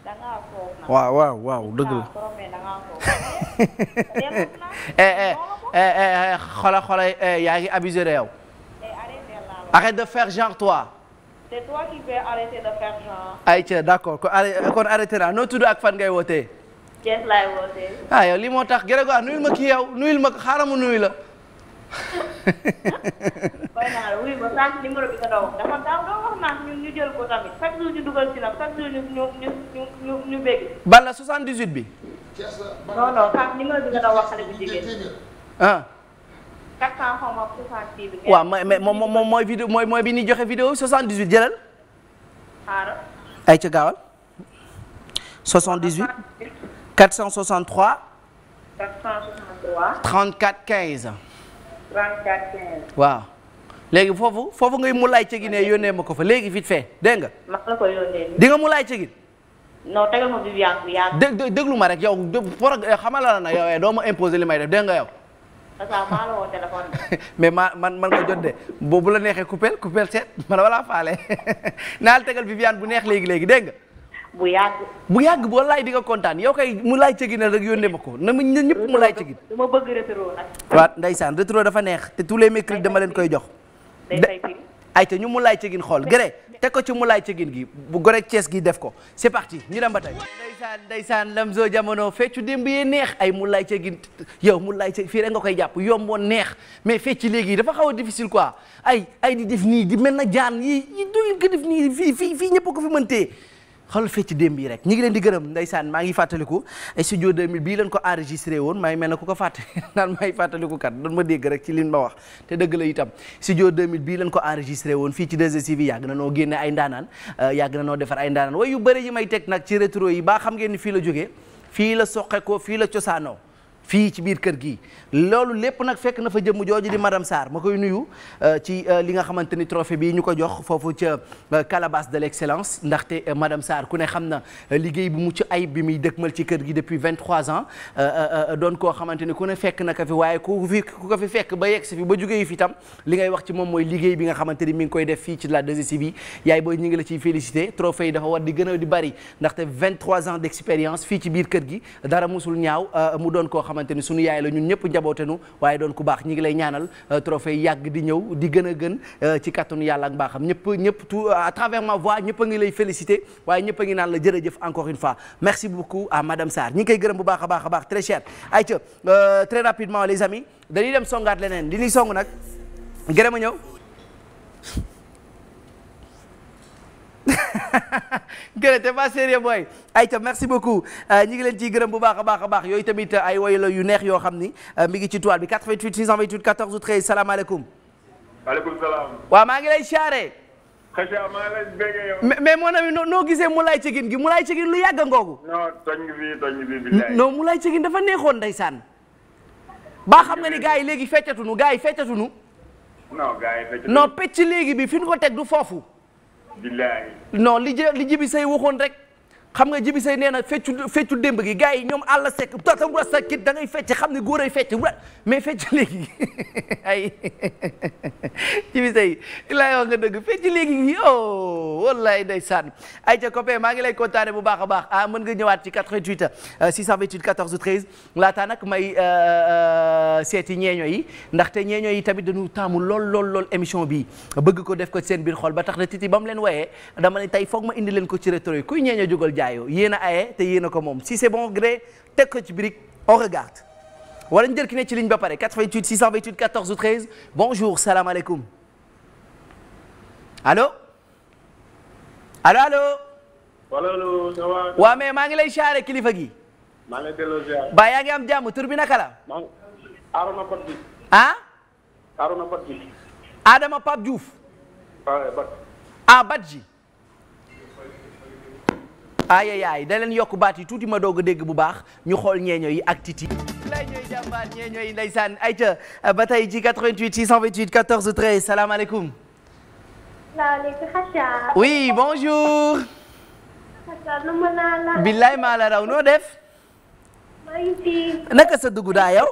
da ngaa foog nag waaw waaw waaw dëgg la. Ah, eh, eh, eh, xoolal xoolal yaa ngi abusé de yow. arrête de faire genre toi. c'est toi qui peux arrêter de faire genre. ayca d'accord kon arrêté naa noo tudd ak fan ngay wootee. Thiès laay wootee. ah yow lii moo tax gërëm nuyul ma kii yow nuyul ma xaaral ma nuyu la. koy naa la wuyu ma sànq bi nga doon wax dafa daaw doo wax naan ñun ñu jël ko tamit chaque jour ñu dugal ci nag chaque jour ñu ñu ñu ñu ñu ñu bégg. bala 78 bi. non non sànq numéro bi nga doon wax xale bu jigéen. ah. 400 xaw ma 66 bi. waaw mais mais moom moom mooy vidéo mooy mooy bi ñuy joxe vidéo 78 jëlal. xaaral. ay ca gaawal. 78. 463. 463. 34 15. 34 waaw léegi foofu foofu ngay mu laay cegin ne yónnee ma ko fa léegi vite fait dégg nga. ma di nga mu laay cegin. non tegal ma Viviane bu yàgg. dé dé déglu ma rek yow pour eh, xamal la na yow eh, doo ma imposer li may def dégg yow. mais ma man man nga jot de boobu la neexee coupé coupé seet man wala faale naal tegal Viviane bu neex léegi léegi dégg bu yàgg. bu yàgg bu wallaay di nga kontaan yow kay mu laay cëginal rek yónnee ma ko na mu ñëpp mu laay cëgin. dama bëgg rétro nag. waaw ndeysaan rétro dafa neex te tous les mercredis dama leen koy jox. ay te ñu mu laay cëgin xool gëré teg ko ci mu laay cëgin gi bu gore Cees gi def ko c'est parti ñu dem ba tey. ndeysaan ndeysaan Lamzo jamono feccu démb yee neex ay mu laay cëgin yow mu laay cëgin fii rek nga koy jàpp yomboon neex mais fecci léegi dafa xaw a difficile quoi ay ay di def nii di mel na jaan yi yi du def nii fii fii fii ñëpp ko fi mëntee xool fecc démb yi rek ñu ngi leen di gërëm ndeysaan maa ngi fàttaliku studio 2000 bii leen ko enregistré woon maa ngi mel ne ko fàtte naan maa ngi fàttaliku kat doon ma dégg rek ci liñ ma wax te dëgg la itam studio 2000 bii leen ko enregistré woon fii ci 2STV yàgg na noo génne ay ndaanaan euh, yàgg na noo defar ay ndaanaan way yu bëri yi may teg nag ci rétro yi baa xam ngeen ni fii la jógee fii la soqe ko fii la cosaanoo fii ci biir kër gi loolu lépp nag fekk na fa jëmm jooju di madame Sarr ma koy nuyu euh, ci euh, li nga xamante ni trophée bii ñu ko jox foofu ca euh, calebasse de l'excellence ndaxte madame Sarr ku ne xam na liggéey bu mucc ayib bi muy mal ci kër gi depuis 23 ans doon koo xamante ni ku ne fekk na ko fi waaye ku fi ku ko fi fekk ba yegg si fi ba jugee fi tam li ngay wax ci moom mooy liggéey bi nga xamante ni mi ngi koy def fii ci la 2STV bi yaay booy ñu ngi la ciy félicité di gën a di bari ndaxte 23 ans d'expérience fii ci biir kër gi dara musul ñaaw mu doon koo xamante ni suñu yaay la ñun ñëpp njabootenu waaye doon ku baax ñi ngi lay ñaanal euh, trophée yàgg di ñëw di gën a gën euh, ci kattanu yàlla ak mbaaxam ñëpp ñëpp tout euh, à travers ma voix a ngi lay féliciter waaye ñëpp a ngi naan la jërëjëf encore une fois merci beaucoup à madame Sarr ñi ngi gërëm bu baax a baax a baax très cher ayca très rapidement les amis dem songaat leneen li song nag gërëm a ñëw gën te pas sérieux booy ayca beaucoup euh, ñi ngi leen ciy gërëm bu baax a baax a yooyu tamit ay woy yu neex yoo xam ni euh, mi ngi ci toile bi 88 628 14 13 salaamaaleykum. maaleykum salaam. waaw maa ngi lay siyaare. xëcc maa ngi lay béggee mais mon ami noo gisee Moulay Cegin gi Moulay Cegin lu yàgg a ngoogu. non toj bi toj bi billaay. non Moulay Cegin dafa neexoon ndeysaan. baa xam nga ni gaa yi léegi feccatunu gaa yi feccatunu. non gars yi feccatunu pecc léegi bi fi ñu ko teg du foofu. billaay non li jë li jibi say waxoon rek xam nga jibi say nee na feccu feccu démb gi gars yi ñoom àll sekk tata wasa kit da ngay fecc xam ne góor ay fecc wa mais fecc léegi ay jibi say laay wax nga dëgg fecc léegi gi oh wallaay ndeysaan ay ca copain maa ngi lay kontaane bu baax a baax ah mën nga ñëwaat ci 88 628 14 13 laataa nag may euh, euh, seeti ñeeño yi ndaxte ñeeño yi tamit dañu taamu lool lool lool émission bi bëgg ko def ko ci seen biir xol ba tax na titi ba mu leen wayee dama ne tey foog ma indi leen ko ci rétro kuy ñeeño jógal jaayoo yéen a aye te yéen a ko moom si c'est bon gré teg ko ci brique on regarde wala ñu jël ki ne ci ligne ba pare 88 628 14 ou 13 bonjour salaamaaleykum allo allo allo. wala allo ça va. waaw mais maa ngi lay siyaare kilifa gi. maa ngi lay delloo siyaare. ba yaa am jàmm tur bi naka la. maa ngi Arona ah? Adama Pape Diouf. ah Badji. ah ayayaay da leen yokk baat yi tuuti ma doog a dégg bu baax ñu xool ñeeño yi ak titi lay ñooy jàmbaar ñeeño yi ndeysaan ayca ba tey ci 88 628 14 13 salaamaaleykum salaamaaleykum Khadija oui bonjour billaay maa noo def naka sa dugg daa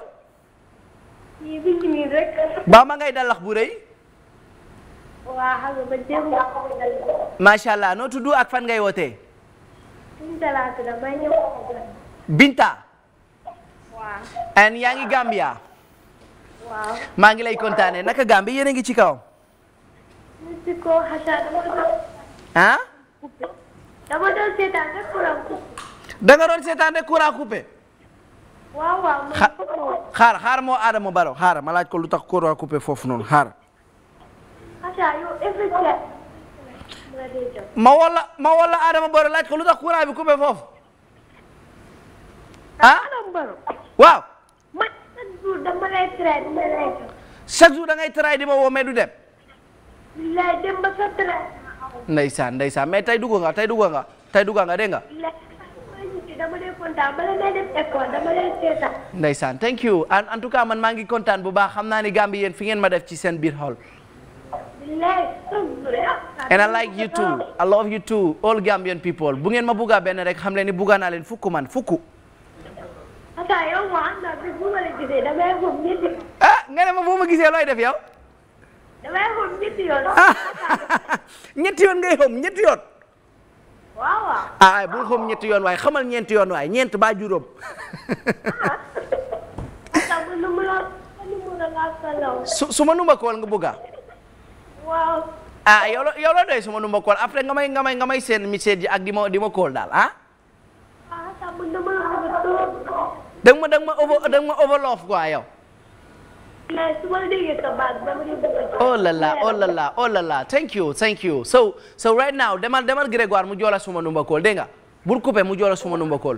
baa ma ngay dallax bu rëy noo tudd ak fan ngay wootee Binta and yaa ngi Gambia. maa ngi lay kontaane naka Gambia yéen a ngi ci kaw. ah. dama doon seetaan rek courant coupé. da nga doon xaar xaar moo Adama Baro xaar ma ko lu tax courant coupé foofu noonu xaar. ma wala ma wala Adama Baro laaj ko lu tax courant bi coupé foofu ah, ah? waaw. chaque jour da ngay tëraay di ma woo du dem. ndeysaan ndeysaan mais tey dugg nga tey dugg nga tey dugg nga dégg nga. ndeysaan thank you en tout cas man maa ngi kontaan bu baax xam naa ni Gambie yéen fi ngeen ma def ci seen biir xol. and I like you too I love you too all Gambian people bu ngeen ma bugga benn rek xam leen ni bugga naa leen fukk man fukk. ah nga ne ma bu ma gisee looy def yow. damay xom ñetti yoon. ñetti yoon ngay xom ñetti yoon. waaw waaw. ah bul xom ñetti yoon waaye xamal ñeenti yoon waaye ñeent ba juróom. su su ma numba kool nga bugga ah yow loo yow loo doy suma numba kool après nga may nga may nga may seen message ji ak di ma di kool daal ah. danga ma danga ma over danga ma overlove quoi yow. la la oh la la oh la la oh thank you thank you so right now demal demal Grégoire mu joola suma numba kool dégg nga bul mu joola suma numba kool.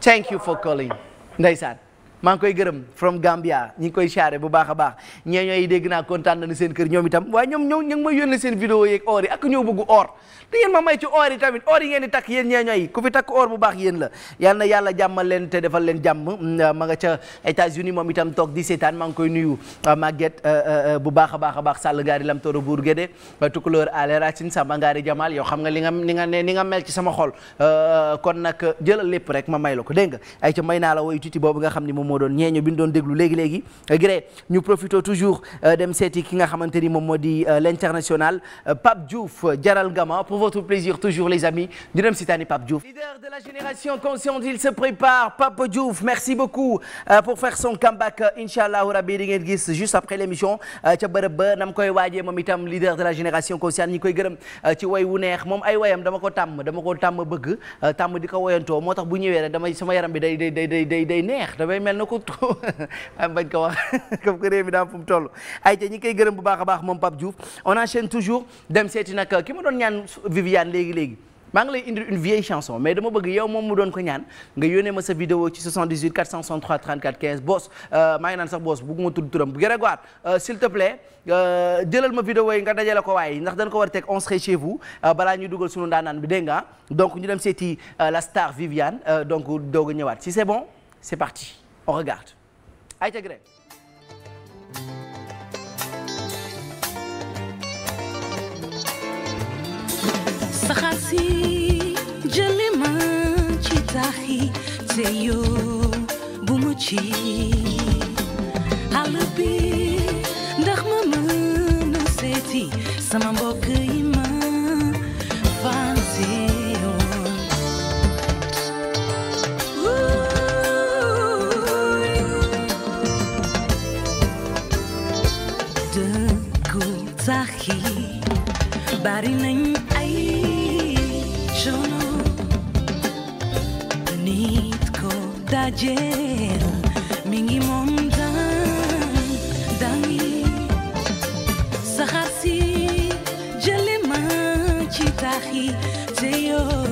thank you for calling ndeysaan maa ngi koy gërëm from Gambia ñi ngi koy charé bu baax a baax ñee ñooy dégg naa kontaan nañu seen kër ñoom itam waa ñoom ñoom ñu ngi may yónnee seen vidéo yeeg or yi ak ñoo bëgg or da ngeen ma may ci or yi tamit or yi ngeen di takk or bu baax yéen la yal na yàlla jàmmal leen te defal leen jàmm mm, ma nga ca États-Unis moom itam toog di seetaan maa ngi koy nuyu ah, Maguette euh, euh, euh, bu baax a baax a baax sàll ngaari lam tooro buur gédé tukulóor ale racine samba ngaari jamal yow xam nga li nga li nga ni nga mel ci sama xol kon nag jëlal lépp rek ma may la ko dégg nga ay ca may naa la woy tuuti boobu nga xam ni moom moo doon ñeeño bi déglu léegi léegi gré ñu profito toujours euh, dem seeti ki nga xamante ni moom moo di euh, l'international euh, Pape Diouf jaral gama pour votre plaisir toujours les amis ñu dem si taani Pape Diouf leader de la génération consciente il se prépare Pape Diouf merci beaucoup pour faire son comeback incha allahu rabbi di ngeen gis juste après l'émission ca bërëb ba nam koy waajee moom itam leader de la génération consciente ñi koy gërëm ci way wu neex moom ay wayam bi day na ko bañ ko wax comme que réew mi daam fu mu toll ay te ñi koy gërëm bu baax a baax moom Pape Diouf on enchaîne toujours dem seeti nag ki ma doon ñaan Viviane léegi léegi maa ngi lay indil une vieille chanson mais dama bëgg yow moom mu doon ko ñaan nga yónnee ma sa vidéo ci 78 463 34 15 boss euh, maa ngi naan sax boss bëgguma tudd turam Grégoire euh, s'il te plaît euh, jëlal ma vidéo yi nga dajale ko waaye ndax dañ ko war a teg on serait chez vous balaa ñuy dugal sunu ndaanaan bi dégg nga donc ñu dem seeti la star Viviane donc doog ñëwaat si c'est bon c'est parti. on regarde ma ci taaxi te yoo bu mu ci àll bi ma a seeti sama mbokk saax yi bari nañ ay jono nit ko dajeel mi ngi moom daan dangi saxaar si jële ma ci taax te yoo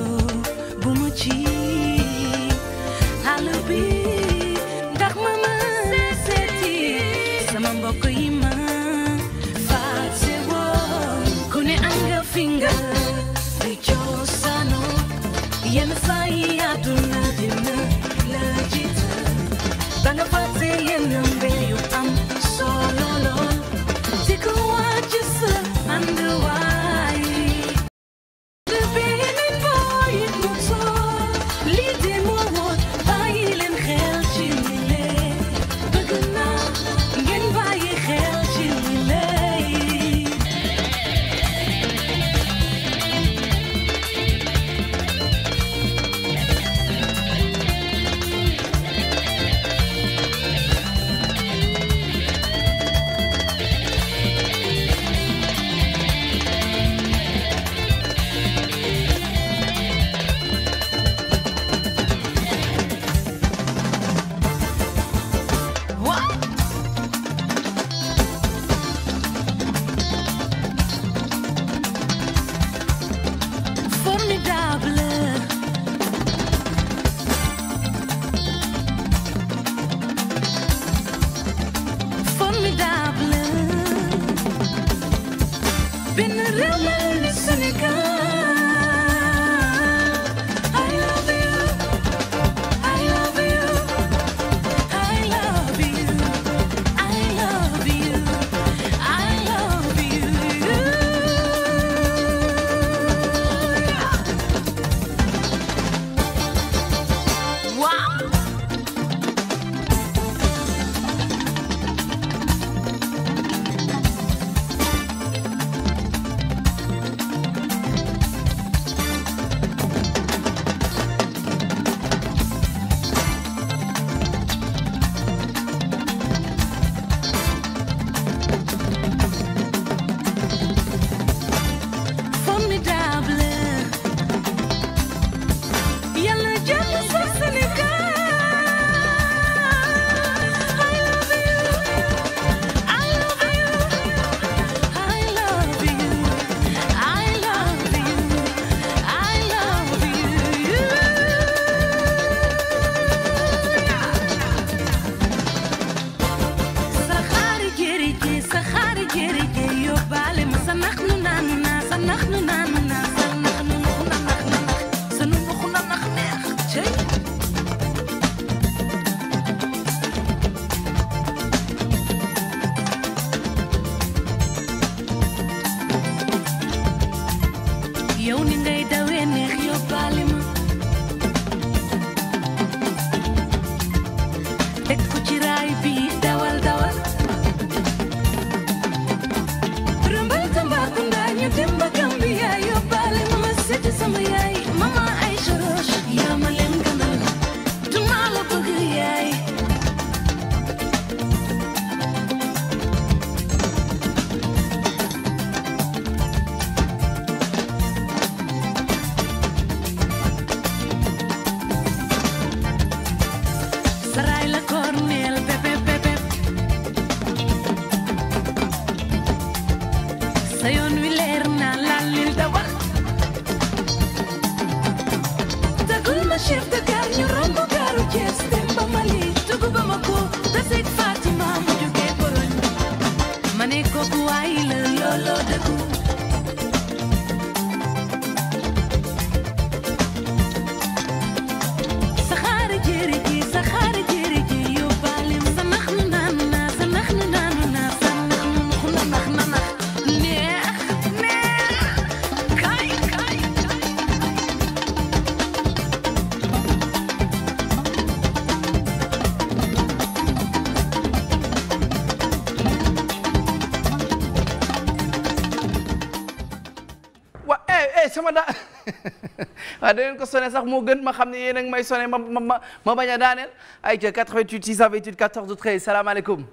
leen ko sax moo gën ma xam ne yéen a ngi may sonné ma ma ma ma bañ a daaneel ayca 88 628 14 13 salaamaaleykum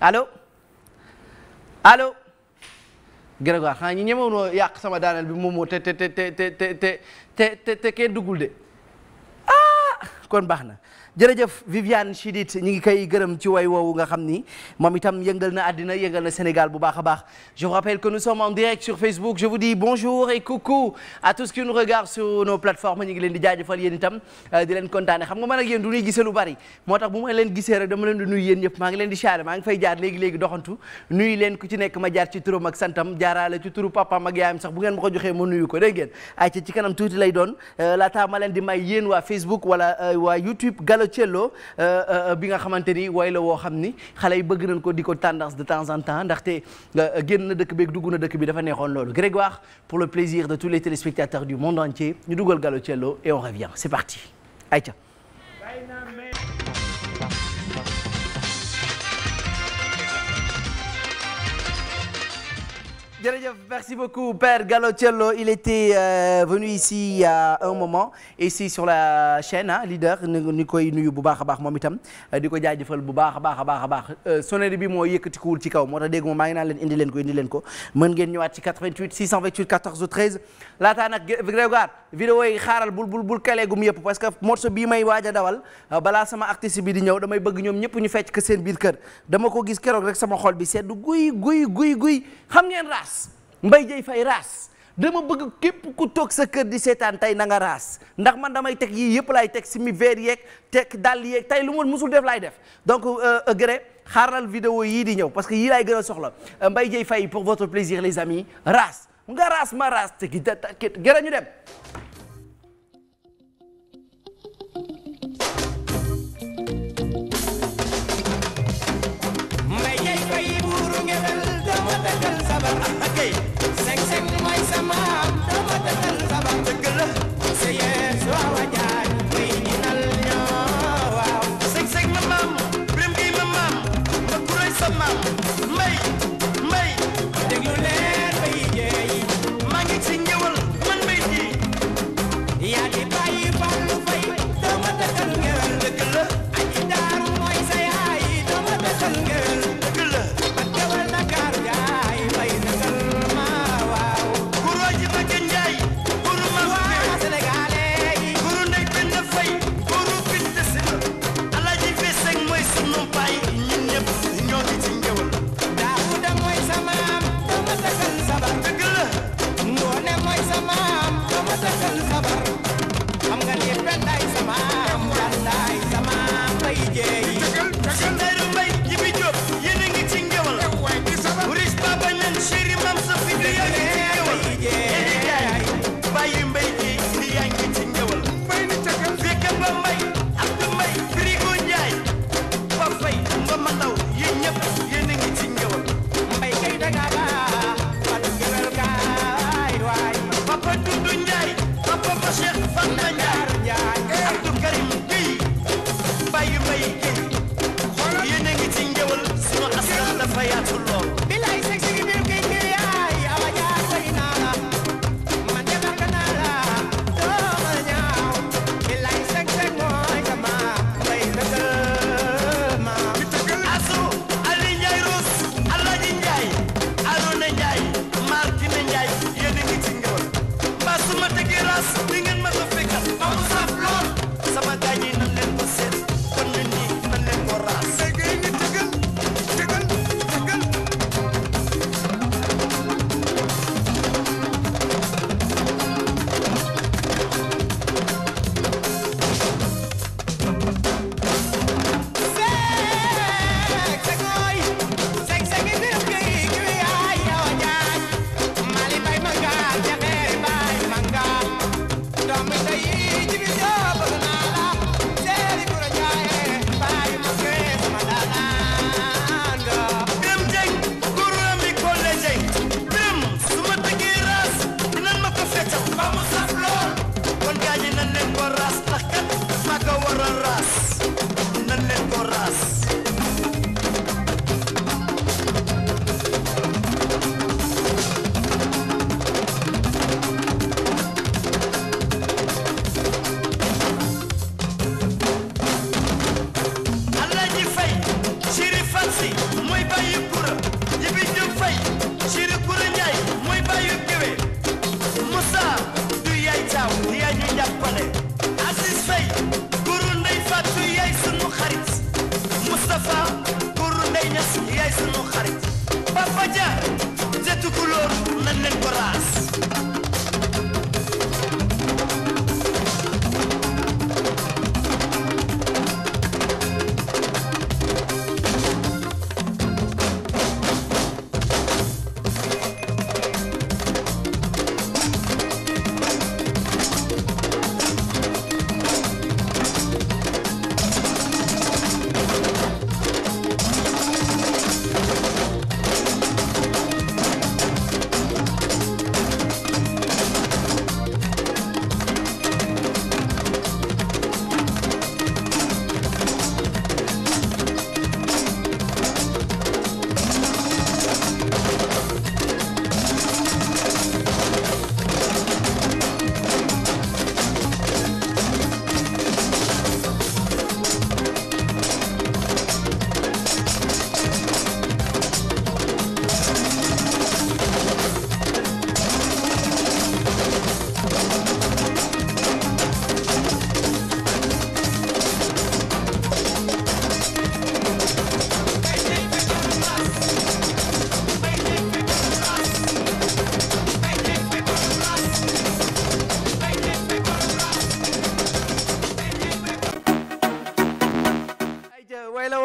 allo allo Grégoire xanaa ñi ñemewunoo yàq sama daaneel bi moom moo te te te te te te te te te te te te te te jërëjëf Viviane Chidid ñi ngi koy gërëm ci way woowu nga xam ni moom itam yëngal na àddina yëngal na Sénégal bu baax a baax je vous rappelle que nous sommes en direct sur Facebook je vous dis bonjour et coucou à tous qui nous regardent sur nos plateformes ñu leen di jaajëfal yéen itam euh, di leen kontaane xam nga man ak du ñuy gisee lu bari moo tax bu ma leen gisee rek leen di nuyu yéen ñëpp maa ngi leen di chaare maa ngi fay jaar léegi-léegi doxantu nuyu leen ku ci ma jaar ci turam ak santam jaaraale ci turu papaam ak yaayam sax bu Thiello euh, euh, bi nga xamante ni way la woo xam ni xale yi bëgg nañ ko di ko tendance de temps en temps ndaxte euh, génn na dëkk beeg dugg na dëkk bi dafa neexoon loolu Grégoire pour le plaisir de tous les téléspectateurs du monde entier ñu dugal Gallo Thiello et on revient c'est parti Aïcha jërëjëf merci beaucoup Père Gallo Thiello il était euh, venu ici il a un moment ici sur la chaîne ah leader ni koy nuyu bu baax a baax moom itam di ko jaajëfal bu baax a baax a baax a baax euh, sonnerie bi moo kuwul ci kaw moo tax dégg ma maa ngi naan leen indi leen ko indi leen ko mën ngeen ñëwaat ci 88 628 14 13 laataa nag regarde vidéo yi xaaral bul bul bul kaleegum yëpp parce que morceau bii may waaja a dawal euh, balaa sama artiste bi di ñëw damay bëgg ñoom ñëpp ñu fecc que seen biir kër dama ko gis keroog rek sama xol bi seddu guy guy guy guy xam ngeen raas mbay Dieye fay raas dama bëgg képp ku toog sa kër di seetaan tey na nga raas ndax man damay teg yii yëpp laay teg si mi veer yeeg teg dàll yeeg tey lu mu musul def laay def donc euh, euh, gré xaaral video yii di ñëw parce que yii laay gën a soxla euh, mbay Dieye fay pour votre plaisir les amis raas nga raas ma raas te gi gërë ñu dem maam dama tegal sabar dëgg la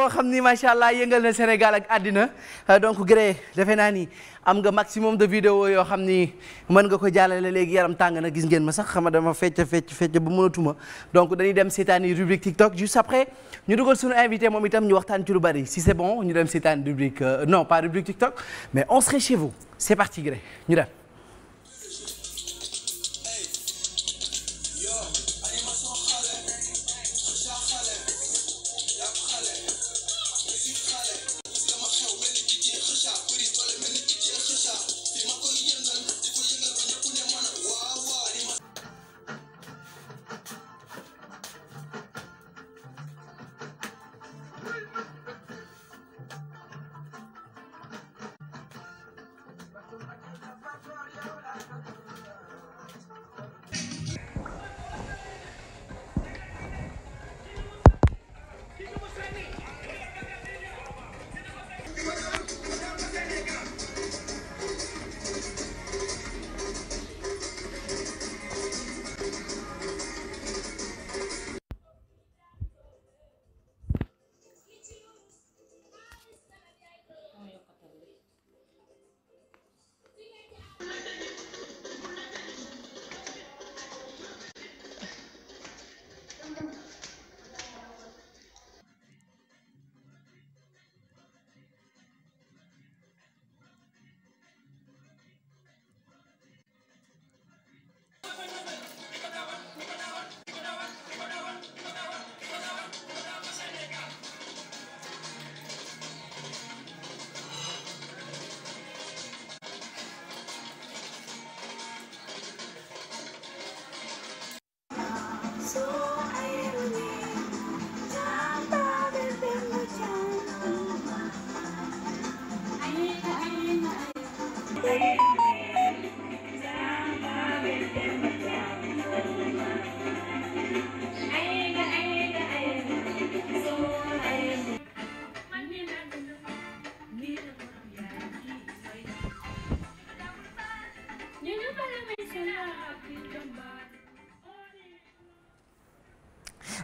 yoo xam ni macha allah yëngal na Sénégal ak àddina euh, donc Gré defe naa ni am nga maximum de video yoo xam ni mën nga ko jàllale léegi yaram tàng na gis ngeen ma sax xam dama fecc fecc fecc bu mënatuma donc dañuy dem seetaani rubrique TikTok juste après ñu dugal suñu invité moom itam ñu waxtaan ci lu bari si c'est bon ñu dem seetaani rubrique euh, non pas rubrique TikTok mais on serait chez vous c'est parti Gré ñu dem.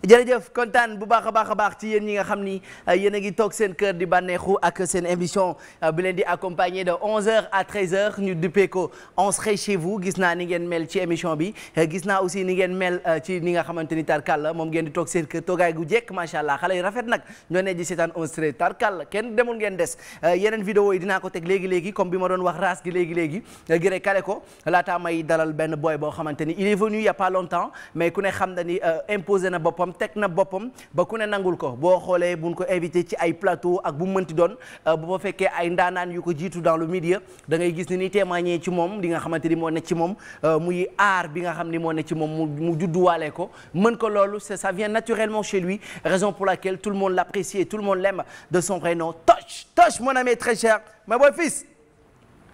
jërëjëf kontaan bu baax a baax a baax ci yéen ñi nga xam ni euh, yéen a ngi toog seen kër di bànneexu ak seen émission euh, bi leen di accompagner de 11h à 13 ñu duppee ko on serait chez gis naa ni ngeen mel ci émission bi euh, gis naa aussi ni ngeen mel ci ni nga xamante ni tarkalla moom ngeen di toog seen kër toogaay gu jekk macha allah xale yu rafet nag ñoo ne di seetaan on serait tarkalla kenn demul ngeen des yeneen vidéo yi dina ko teg léegi léegi comme bi ma doon wax raas léegi léegi gëré kale ko laataa dalal benn boy boo xamante ni il est venu il y na ni teg na boppam ba ku ne nangul ko boo xoolee buñ ko invité ci ay plateau ak bu mu mënti doon euh, bu fekkee ay ndaanaan yu ko jiitu dans le milieu da ngay ni ni témoigné ci moom li nga xamante ni moo ne ci moom euh, muy aar bi nga xam ni moo ne ci moom mu judduwaale ko mën ko loolu c'est ça vient naturellement chez lui raison pour laquelle tout le monde l'apprécie et tout le monde l'aime de son vrai nom Toch Toch mon ami très cher my boy fils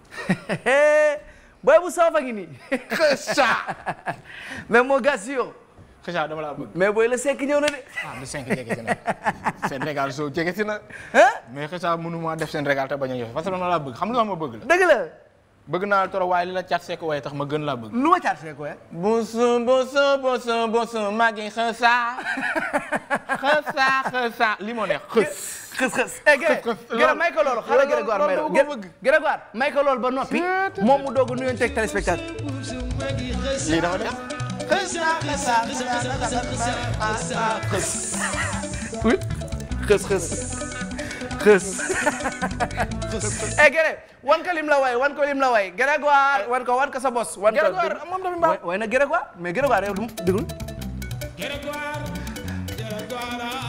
boy bu xëcaa dama laa bëgg. mais booy la sekk ñëw na de. ah le cinq na seen régal soo jege si def seen régal te bañ a yow parce que dama laa bëgg xam nga ma bëgg la. dëgg la. bëgg naa la trop waaye li la caat sekk waaye tax ma gën laa bëgg. lu ma caat sekk waaye. bonsoon bonsoon bonsoon bonsoon maa ngi xësa li moo ne xës. xës xës. gërë may ko loolu xaaral Grégoire may la Grégoire may ba noppi moom mu doog a nuyonteeg téléspectateur. lii oui xës xës xës. eh gërë wan ko lim la way wan ko lim la way Grégoire wan ko wan ko sa bos. wan ko Grégoire moom tamit mbaa way na Grégoire mais Grégoire yow déglu. Grégoire Grégoire.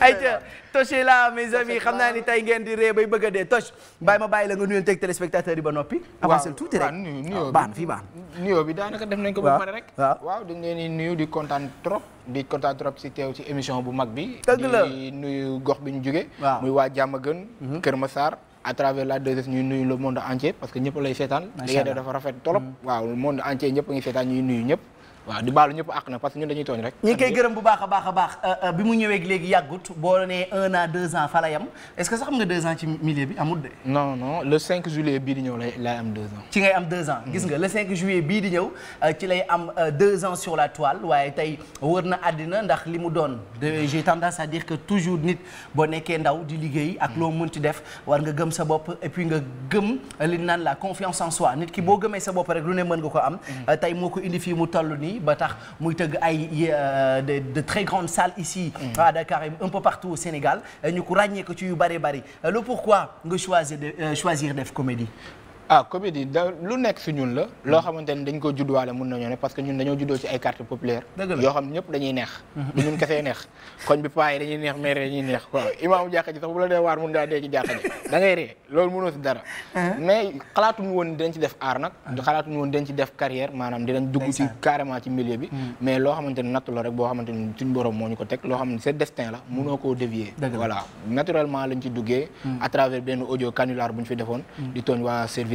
ayca Toche la mes xam naa ni tey ngeen di ree bay bëgg dee Toch bàyyi ma bàyyi la nga nuyoon teg téléspectateur yi ba noppi. waaw avancé tuuti rek waaw ah, baan fii baan. nuyoo nañ ko ba rek. waaw waaw dañ leen di di kontaan trop. di kontaan trop si teew si émission bu mag bi. dëgg la nuyu gox bi ñu jóge waaw muy waa Diamaguène. Mhm. Kër Massar. à travers la 2S ñuy le monde entier parce que ñëpp lay seetaan. macha allah liggéey dafa rafet trop. Mhm. waaw le monde entier ñëpp ngi seetaan ñuy nuyu ñëpp. waaw di baalu ñëpp àq na parce que ñun dañuy tooñ rek ñi ngi koy gërëm bu baax a baax a baax euh, euh, bi mu ñëwee léegi yàggut boo nee un an deux ans fa la yam est-ce que sax xam nga deux ans ci milieu bi amul de non non le 5 juillet bii di ñëw lay lay am deux ans ci ngay am deux ans mm. gis nga le 5 juillet bii di ñëw euh, ci lay am deux ans sur la toile waaye tey wër na àddina ndax li mu doon j'ai tendance à dire que toujours nit boo nekkee ndaw di liggéey ak loo mm. mënti def war nga gëm sa bopp et nga gëm li naan la confiance en soi nit ki boo gëmee sa bopp rek lu ne mën nga ko am mm. tey mu toll nii yi ba tax muy tëgg ay euh, de très grandes salles ici mm. à Dakar un peu partout au Sénégal euh, ñu ko ràññee ko ci yu bari bari euh, le pourquoi nga choisir de choisir def comédie ah comédie da lu nekk si ñun la loo xamante ne dañ ko juddwaale mun nañoo ne parce que ñun dañoo juddoo ci ay carte populaire yoo xam ne dañuy neex du mhm. ñun kesee neex koñ bi paa dañuy neex maire dañuy neex quoi jàkka ji sax bu la dee waar mun ngaa ci jàkka ji da ngay ree loolu mënoo si dara mhm. mais def aar nag mhm. xalaatuñu woon dinañ ci def carrière maanaam dinañ dugg ci carrément ci milieu bi mais loo xamante ne nattu la rek boo xamante ne suñ borom moo ñu ko teg loo xam ne c'est destin la mënoo koo dévier voilà naturellement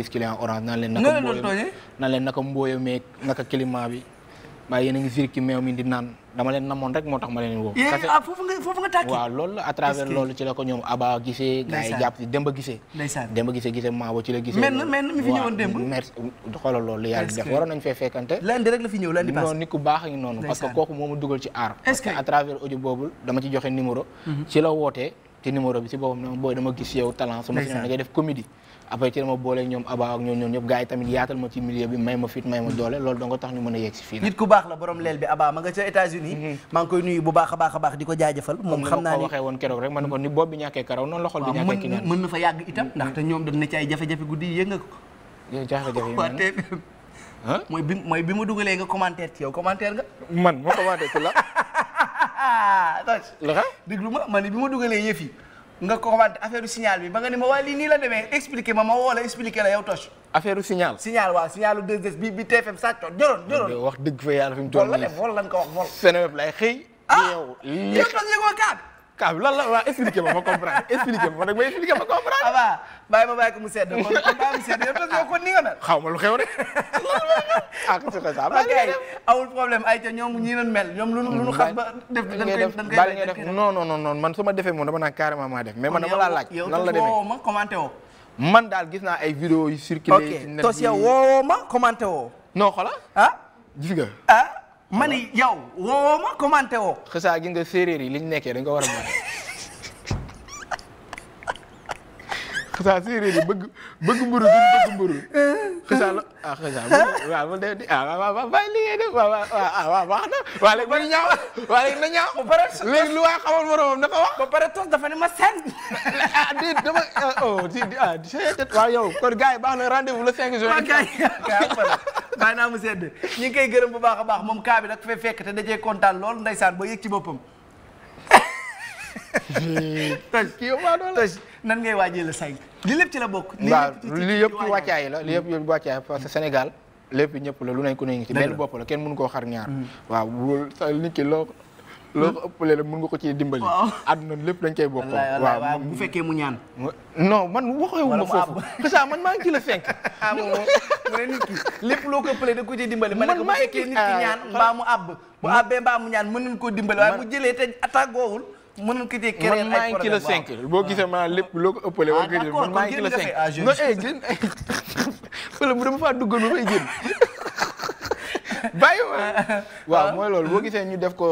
service leen naka mbooy naka mbooy bi waaye yéen a ngi meew mi di naan dama leen namoon rek moo tax ma leen woo ah, foofu nga foofu nga travers loolu ci la ko ñoom Aba gisee gisee Demba gisee ci la gisee men men mi fi ñëwoon démb merci xoolal loolu yàlla def waroon nañ fee fekkante lundi rek la fi ñëw lundi passé noonu nit travers audio boobu dama ci joxe numéro mhm. ci la wootee te numéro bi si boppam dama booy dama gis yow talent sama si da ngay def comédie après ci dama boole ñoom Aba ak ñoom ñoom ñëpp gars yi tamit yaatal ma ci milieu bi may ma fit may ma doole loolu danga tax ñu mën a yegg si fii nit ku baax la borom leel bi Aba ma nga ca États-Unis mm-hmm. maa koy nuyu bu baax a baax a baax di ko jaajëfal moom xam naa bi ñàkkee karaw bi ñàkkee ki ñaan mën na fa yàgg itam mm-hmm. ndaxte ñoom dañ na ci ay jafe-jafe guddi yi yënga ko jafe-jafe mooy bi mooy bi dugalee nga commentaire ci commentaire nga man ma commentaire ku la déglu ma man bi ma dugalee yëf yi nga ko wante affaire signal bi ba nga ni ma waa lii nii la demee expliqué ma ma woo la expliqué la yow Toch. affaire signal. signal waaw signalu 2S bi bi TFM sàccoon jëloon jëloon. wax dëgg fa yàlla fi mu toll vol lañ ko wax vol. Seneweb lay xëy. ah yow lii yow Toch kaat. kaa bi lan la waa expliqué ma ma comprendre expliqué ma ma nag ma expliqué ma comprendre. waaw ma bàyyi ko mu sedd kon mu sedd yow parce que kon ni nga mel. ma lu xew rek. a su ko saa ok awul problème ay ca ñoom ñi doon mel ñoom lu lu xam ba. def dañ koy def bàyyi ngay def non non non man su ma defee moom dama naan carrément maa def. mais man dama laa laaj lan la demee yow ma commenté woo. man daal gis naa ay vidéo yu circulé. ci net bi ok tos yow woowoo ma commenté woo. non xoolal ah gis ma ni yow woo ma commenté woo. xësaa gi nga séeréer yi liñ nekkee da nga war a xasaa séeréer yi bëgg bëgg mburu bi bëgg mburu xasaa la ah xasaa waaw man de ah waaw waaw bàyyi li ngay def waaw waaw waaw wax na waaw léegi na ñaaw waaw léegi na ñaaw ba pare léegi lu waa xamal moromam na ko wax ba pare toos dafa ne ma sen ah déet dama ah, oh di ah waaw yow kon gars yi baax na rendez-vous le 5 juin bàyyi naa mu sedd ñu ngi koy gërëm bu baax a baax moom kaa bi nag fay fekk te dajee kontaan lool ndeysaan ba yëg ci boppam toj kii yow maa doon la toj nan ngay waajee le cinq li lépp ci la bokk. li yëpp ci la li yëpp yëpp wàccaay parce que Sénégal lépp ñëpp la lu nañ ko ne ngi ci la kenn mënu koo xar ñaar. Mm-hmm. waaw bu sa nit loo loo ko ëppalee la nga ko ci dimbali. àdduna lépp dañ koy bokk. waaw bu fekkee mu ñaan. non man waxewu ma foofu. parce man maa ngi ci le cinq. ah moom nit ki lépp loo ko ëppalee da ko ci dimbali. man bu fekkee nit ki ah, ñaan mbaa mu àbb. bu àbbee mbaa mu ñaan mën nañu koo dimbali waaye jëlee te attaque goowul mënoon ko tey keneen man maa ngi boo gisee maanaam lépp loo ko ëppale war nga ah, jël man maa ngi kilo cinq non eh faa duggoon ba fay jën bàyyi waaw ah. mooy loolu boo gisee ñu def ko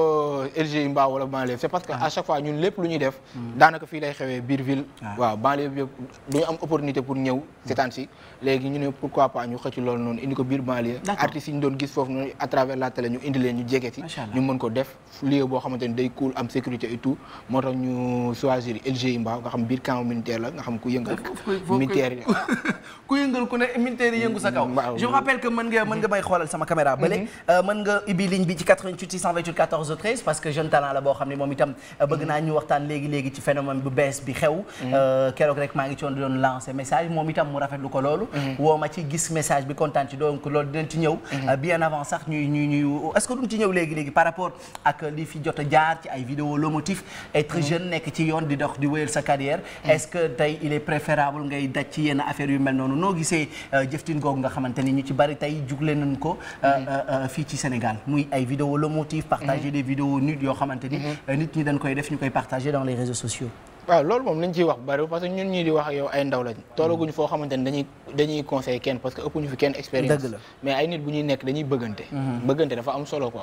LG mbaa wala banlieue c'est parce que ah. à chaque fois ñun lépp lu ñuy def hmm. daanaka fii lay xewee biir ville waaw banlieue yëpp du ñu am opportunité pour ñëw seetaan si léegi ñu ne pourquoi pas ñu xëcc loolu noonu indi ko biir banlieue artistes yi ñu doon gis foofu noonu la télé ñu indi leen ñu jege si ñu mën ko def lieu boo xamante ni day cool am sécurité et tout moo tax ñu choisir LGI Mbao nga xam biir camp militaire la nga xam ku yëngal militaire yi ku yëngal ku ne militaire yëngu sa kaw nga mën nga sama caméra mm-hmm. bële euh, mën bi ci 88 628 14 13 parce jeune talent la boo xam ne moom itam euh, bëgg naa ñu waxtaan léegi léegi ci phénomène bu bees bi xew mm-hmm. euh, keroog rek maa ngi ci doon lancer message moom itam mu rafetlu ko loolu loolu mm-hmm. woo ma ci gis message bi kontaan ci donc loolu dinañ ci ñëw mm-hmm. euh, bien avant sax ñuy ñuy ñuy est-ce que duñ ci ñëw léegi léegi par rapport ak li fi jot a jaar ci ay vidéo lomotif être mm-hmm. jeune nekk ci yoon di dox di wéyal sa carrière est-ce que tey il est préférable ngay daj ci yenn affaire yu mel noonu noo gisee euh, jëftin googu nga xamante ni ñu ci bari tey jugle nañ ko euh, fii ci Sénégal muy ay vidéo lomotif partager des vidéos nit yoo xamante ni nit ñi dañ koy def ñu koy partager dans les réseaux waaw loolu moom liñ ciy wax bari parce que ñun ñii di wax yow ay ndaw lañ foo xamante dañuy conseil kenn parce que ëpp ñu fi kenn expérience mais ay nit bu ñuy nekk dañuy bëggante mhm. bëggante dafa am solo ko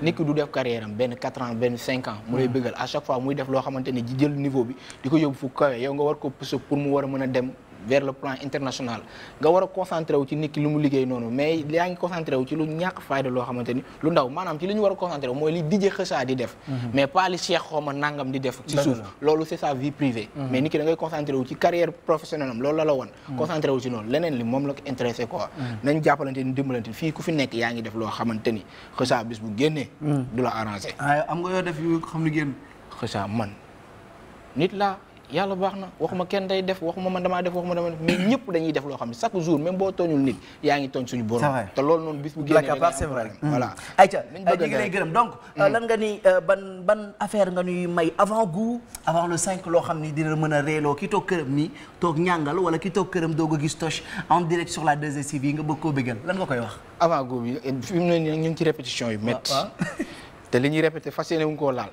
nit ki du def carrière benn 4 ans benn 5 ans mu lay mhm. bëggal à chaque fois muy def loo xamante jël niveau bi di ko yóbbu fu kawe yow nga war ko pousse pour mu war a mën a dem vers le plan international nga war a concentré wu ci nit lu mu liggéey noonu mais yaa ngi concentré wu ci lu ñàkk fayda loo xamante lu ndaw maanaam ci li war a concentré wu mooy li DJ Kheucha di def mhm. mais pas li Cheikh xawma nangam di def loolu c'est sa vie mhm. mais nit ki da wu ci carrière professionnelle loolu la la woon mhm. concentré wu ci noonu leneen li moom la ko intéressé quoi nañ jàppalante ni fii ku fi nekk yaa ngi def yàlla baax na waxuma kenn day def waxuma man damaa def waxuma dama def ñëpp dañuy def loo xam ne chaque jour même boo tooñul nit yaa ngi tooñ suñu borom te loolu noonu bis bu génnee c'est vrai voilà ayca ñu ngi lay gërëm euh, mm. euh, ban ban affaire ñuy may avant goût avant le cinq loo xam ni dina mën a reeloo ki toog këram ni toog ñàngal wala ki toog këram doog a gis Toch en direct sur la 2STV yi nga bëgg koo bëggal lan nga koy wax avant goût bi fi ne nii ñu ci répétition yu métti te li ñuy répété fas yéene wuñ koo laal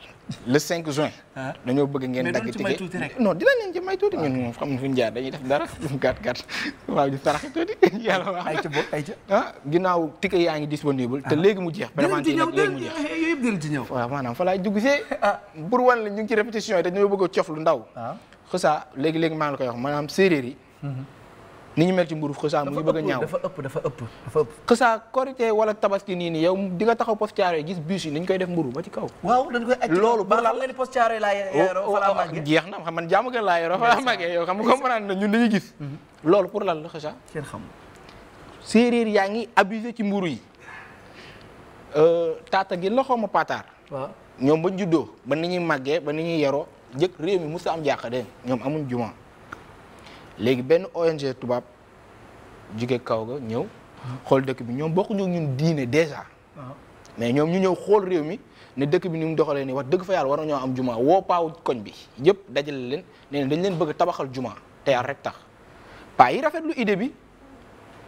le 5 juin. Ah. dañoo bëgg ngeen dagg tige non dina leen ci may tuuti ah, ñun moom xam ne fu ñu jaar dañuy def dara mu gàtt gàtt waaw ñu taraxi tuuti yàlla ah, disponible te léegi mu jeex vraiment ci nag léegi mu jeex yëpp dinañ ci waaw maanaam fa dugg see ah pour wan la ñu ngi ci répétition yi dañoo bëgg a cof lu ndaw xësa léegi léegi maa ngi koy maanaam séeréer yi mm-hmm. ni ñu mel ci mburu xësaa mu ngi bëgg a ñaaw dafa ëpp dafa ëpp dafa wala tabaski nii nii yow di nga taxaw post caaro yi gis bus yi ni koy def mburu ba ci kaw waaw dañ koy aj loolu ba xam nga ni post oh, oh, oh, jeex na man jaamu gën laa yoroo fa laa màggee yow xam nga na ñun dañuy gis mhm. loolu pour lan la xësaa seen xam séeréer yaa ngi abusé ci mburu yi euh, taata gi loxoo ma pataar ñoom ba juddoo ba ni ñuy màggee ba ni ñuy yaroo jëkk réew mi musta am jàkka de ñoom amuñ jumaa léegi benn ONG tubaab jóge kaw ga ñëw xool dëkk bi ñoom bokkuñu ñu diine déjà uh-huh. mais ñoom ñu ñëw xool réew mi ne dëkk bi ni mu doxalee nii wax dëgg fa yàlla war nañoo am juma woo paaw koñ bi yëpp dajale leen ne dañ leen bëgg tabaxal juma te yàlla rek tax paa yi rafetlu idée bi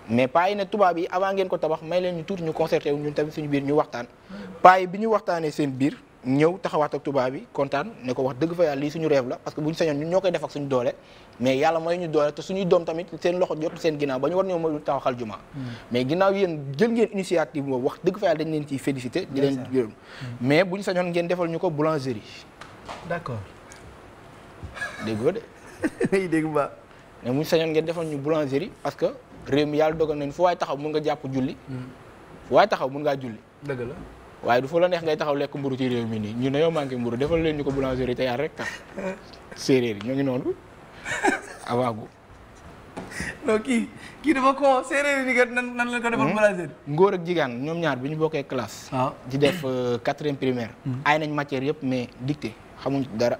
mais paa yi ne tubaab yi avant ngeen ko tabax may leen ñu tuuti ñu concerté wu ñun tamit suñu biir ñu waxtaan uh-huh. paa yi bi ñu waxtaanee seen biir ñëw taxawaat ak tubaab bi kontaan ne ko wax dëgg fa yàlla lii suñu rêve la parce que bu ñu sañoon ñun ñoo koy def ak suñu doole mais yàlla mooy ñu doole te suñuy doom tamit seen loxo jotul seen ginnaaw ba ñu war ñëw mooy taxawal juma hmm. mais ginnaaw yéen jël ngeen initiative boobu wax dëgg fa yàlla dañ leen ciy félicité di hmm. mais bu ñu sañoon ngeen defal ko boulangerie d'accord déggoo de day dégg ba mais bu ñu sañoon ngeen defal ñu boulangerie parce que réew yàlla dogal nañ fu waaye taxaw mun nga jàpp julli hmm. fu waaye taxaw mun ngaa julli dëgg la waaye du fa la neex ngay taxaw lekk mburu ci réew mi nii ñu ne yow manqué mburu defal leen ñu ko boulangerie te yaar rek séeréer yi ñoo ngi noonu avaagu non kii kii dafa ko séeréer yi nan nan la ko defal hmm? boulangerie ngóor ak jigaan ñoom ñaar bi ñu bokkee classe ah. di def euh, quatrième primaire hmm. ay nañ matière yëpp mais dictée xamuñ dara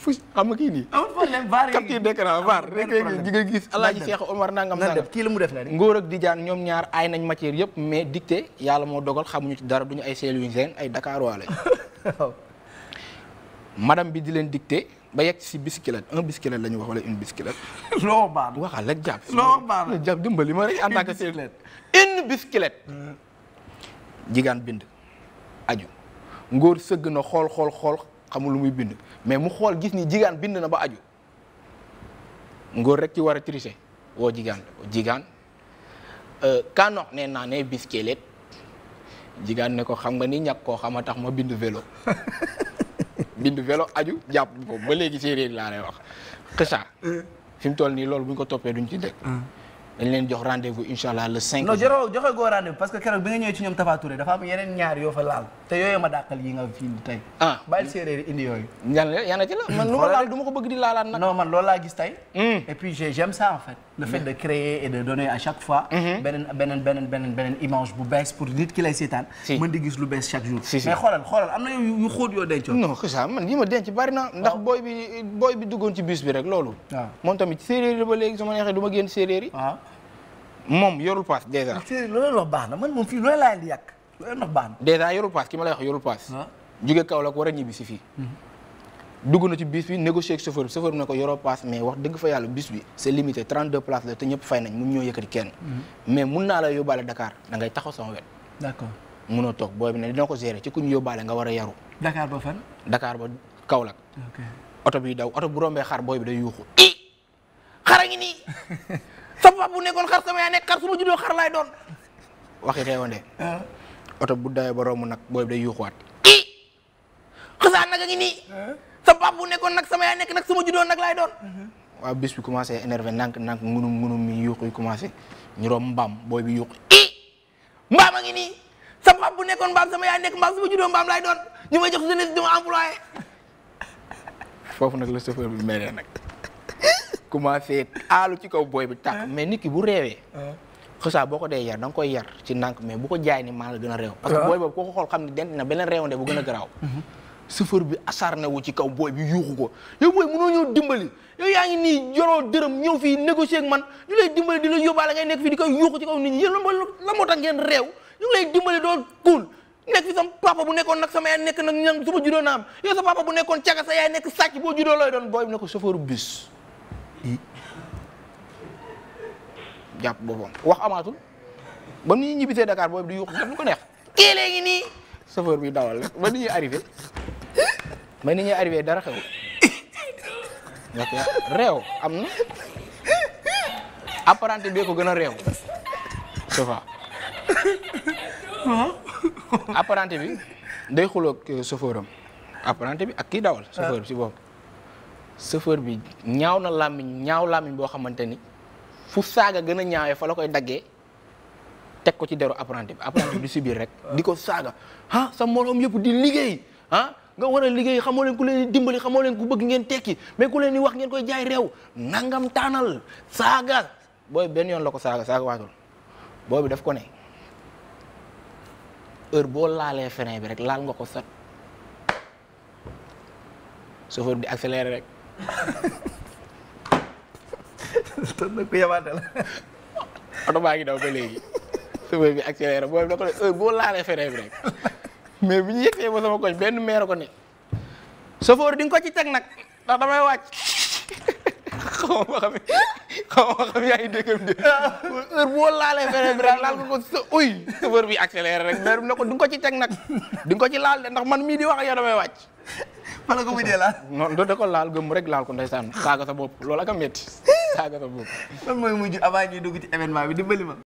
fu xam nga kii nii. amul problème vaar yi capture d'écran vaar rek nga gis Alaaji Seex Omar nangam nangam kii la mu def nag ngóor ak Dijaan ñoom ñaar ay nañ matière yëpp mais dicté yàlla moo dogal xamuñu ci dara duñu ay seeluñ seen ay Dakar waale madame bi di leen dicté ba yegg si bicyclette un bicyclette la ñu wax wala une bicyclette. loo baax waxal rek jàpp. loo baax la jàpp ma rek en tant que seeluñ une bicyclette. jigaan bind aju ngóor sëgg na xool xool xool xamul lu muy bind. mais mu xool gis ni jigaan bind na ba aju ngóor rek ci wara a tricher woo jigaan jigaan euh, kanox ne naa ne biskelet jigaan ne ko xam nga ni ñàkk koo xam a tax ma bind vélo bind vélo aju jàpp ko ba léegi séeréer laa lay wax xësa fi mu toll nii loolu bu ñu ko toppee duñ ci dëkk ah. dañ leen jox rendez-vous allah le 5. non joxe goo rendez parce que keroog bi nga ñëwee ci ñoom Tapha dafa am yeneen ñaar yoo fa laal te yooyu ma dàqal yi nga fii tey. ah bàyyi séeréer indi yooyu. yàlla na yàlla ci la man lu ma laal du ma ko bëgg di laalaat nag. non man loolu laa gis tey. Hmm. et puis j' j'aime ça en fait. le fait de créer et de hmm. bu bees pour nit ki lay di gis lu bees chaque jour. mais xoolal xoolal am na yu xóot yoo dencoon. non xisa man yi ma denc bari na. ndax booy bi booy bi duggoon ci bus bi rek loolu. waaw moom tamit séeréer yi ba léegi su ma neexee du ma génn séeréer yi. moom yorul paas déjà. séeréer loolu la baax na man moom fii loolu laa yàq loolu a baax na dèjà yorul paas ki ma lay wax yorul paas. Ah. jóge Kaolack war a ñibbi si fii. Mhm. dugg na ci bis bi négocier ak chauffeur bi chauffeur bi ne ko yoroo paas mais wax dëgg fa yàlla bis bi c'est limité 32 places la te ñëpp fay nañ mun ñoo yëkkati kenn. Mhm. mais mun naa la yóbbaale Dakar da ngay taxaw sama wet. munoo toog booy bi ne dina ko gérer ci ku ñu nga war a yaru. Dakar ba fan. Dakar ba Kaolack. ok oto bi daw oto bu rombee xar booy bi day yuuxu. xara ngi nii sama papa bu oto bu dawee ba romb nag booy day yuuxuwaat. i xasaa nag a ngi nii. sa bu nekkoon nag sama yaay nekk nag sama doon nag lay doon. waaw bis bi commencé énervé ndànk ndànk ngunum ngunum mi yuuxu yi commencé ñu romb mbaam booy bi yuuxu i mbaam a ngi nii sa bu nekkoon mbaam sama yaay nekk mbaam sama juddoon mbaam laay doon ñu may jox jeunesse duma employé. foofu nag la chauffeur bi meree nag ci kaw booy bi tàkk mais nit bu réewee. xësaa boo ko dee yar da koy yar ci ndànk mais bu ko jaay ni maa la gën a réew parce ah. booy boobu koo ko xool xam ne dent na beneen réewande a garaaw mhm. chauffeur wu ci kaw booy bi yuuxu ko yow booy mënoo ñëw dimbali yow yaa nii yoroo dërëm ñëw fii négocier ak man ñu lay dimbali di la yóbbaale ngay nekk fii di koy yuuxu ci kaw nit ñi fi sama papa bu nekkoon nag sama yaay nekk nag ñan su ma juddoo na am yow sa papa bu nekkoon caga sa yaay nekk sàcc boo juddoo looy doon booy bi ne ko chauffeur bus jàpp boppam wax amaatul ba nu ñuy ñibbisee Dakar boobu di yuuxu def lu ko neex kii léegi nii chauffeur bi dawal rek ba ni ñuy arrivé ba ni dara xew ok am na apprenti bee ko gën a réew sofa bi day xuloog euh, chauffeur am apprenti bi ak kii dawal chauffeur bi si boobu chauffeur bi ñaaw na làmmiñ ñaaw làmmiñ boo xamante ni fu saaga gën a ñaawee fa la koy daggee teg ko ci deru apprenti bi apprenti bi di subir rek ah. di ko saaga ah sa moroom yëpp di liggéey ah, nga war a liggéey xamoo leen ku leen dimbali xamoo leen ku bëgg ngeen tekki mais ku leen di wax ngeen koy jaay réew nangam taanal saaga booy benn yoon la ko saaga saaga waatul boobu daf ko ne heure boo laalee frein bi rek laal nga ko sat chauffeur bi di accélérer rek tën na ku yabaate la. oto baa ngi daw ba léegi. chauffeur bi accéléré boobu da ko ne heure boo laalee feneen rek mais bi ñu yëgsee ba sama koñ benn meer ko ne. chauffeur di nga ko ci teg nag ndax damay wàcc. xaw ma xam xaw ma xam de heure boo laalee feneen laal nga ko sa uy chauffeur bi accéléré rek ne ko du nga ko ci teg nag du nga ko ci laal de ndax man mii di wax ak yow damay wàcc fala ko mujjee laal non do da ko laal gëm rek laal ko ndeysaan saaga sa bopp loolu ak a métti saaga sa bopp lan mooy mujj avant ñuy dugg ci événement bi dimbali ma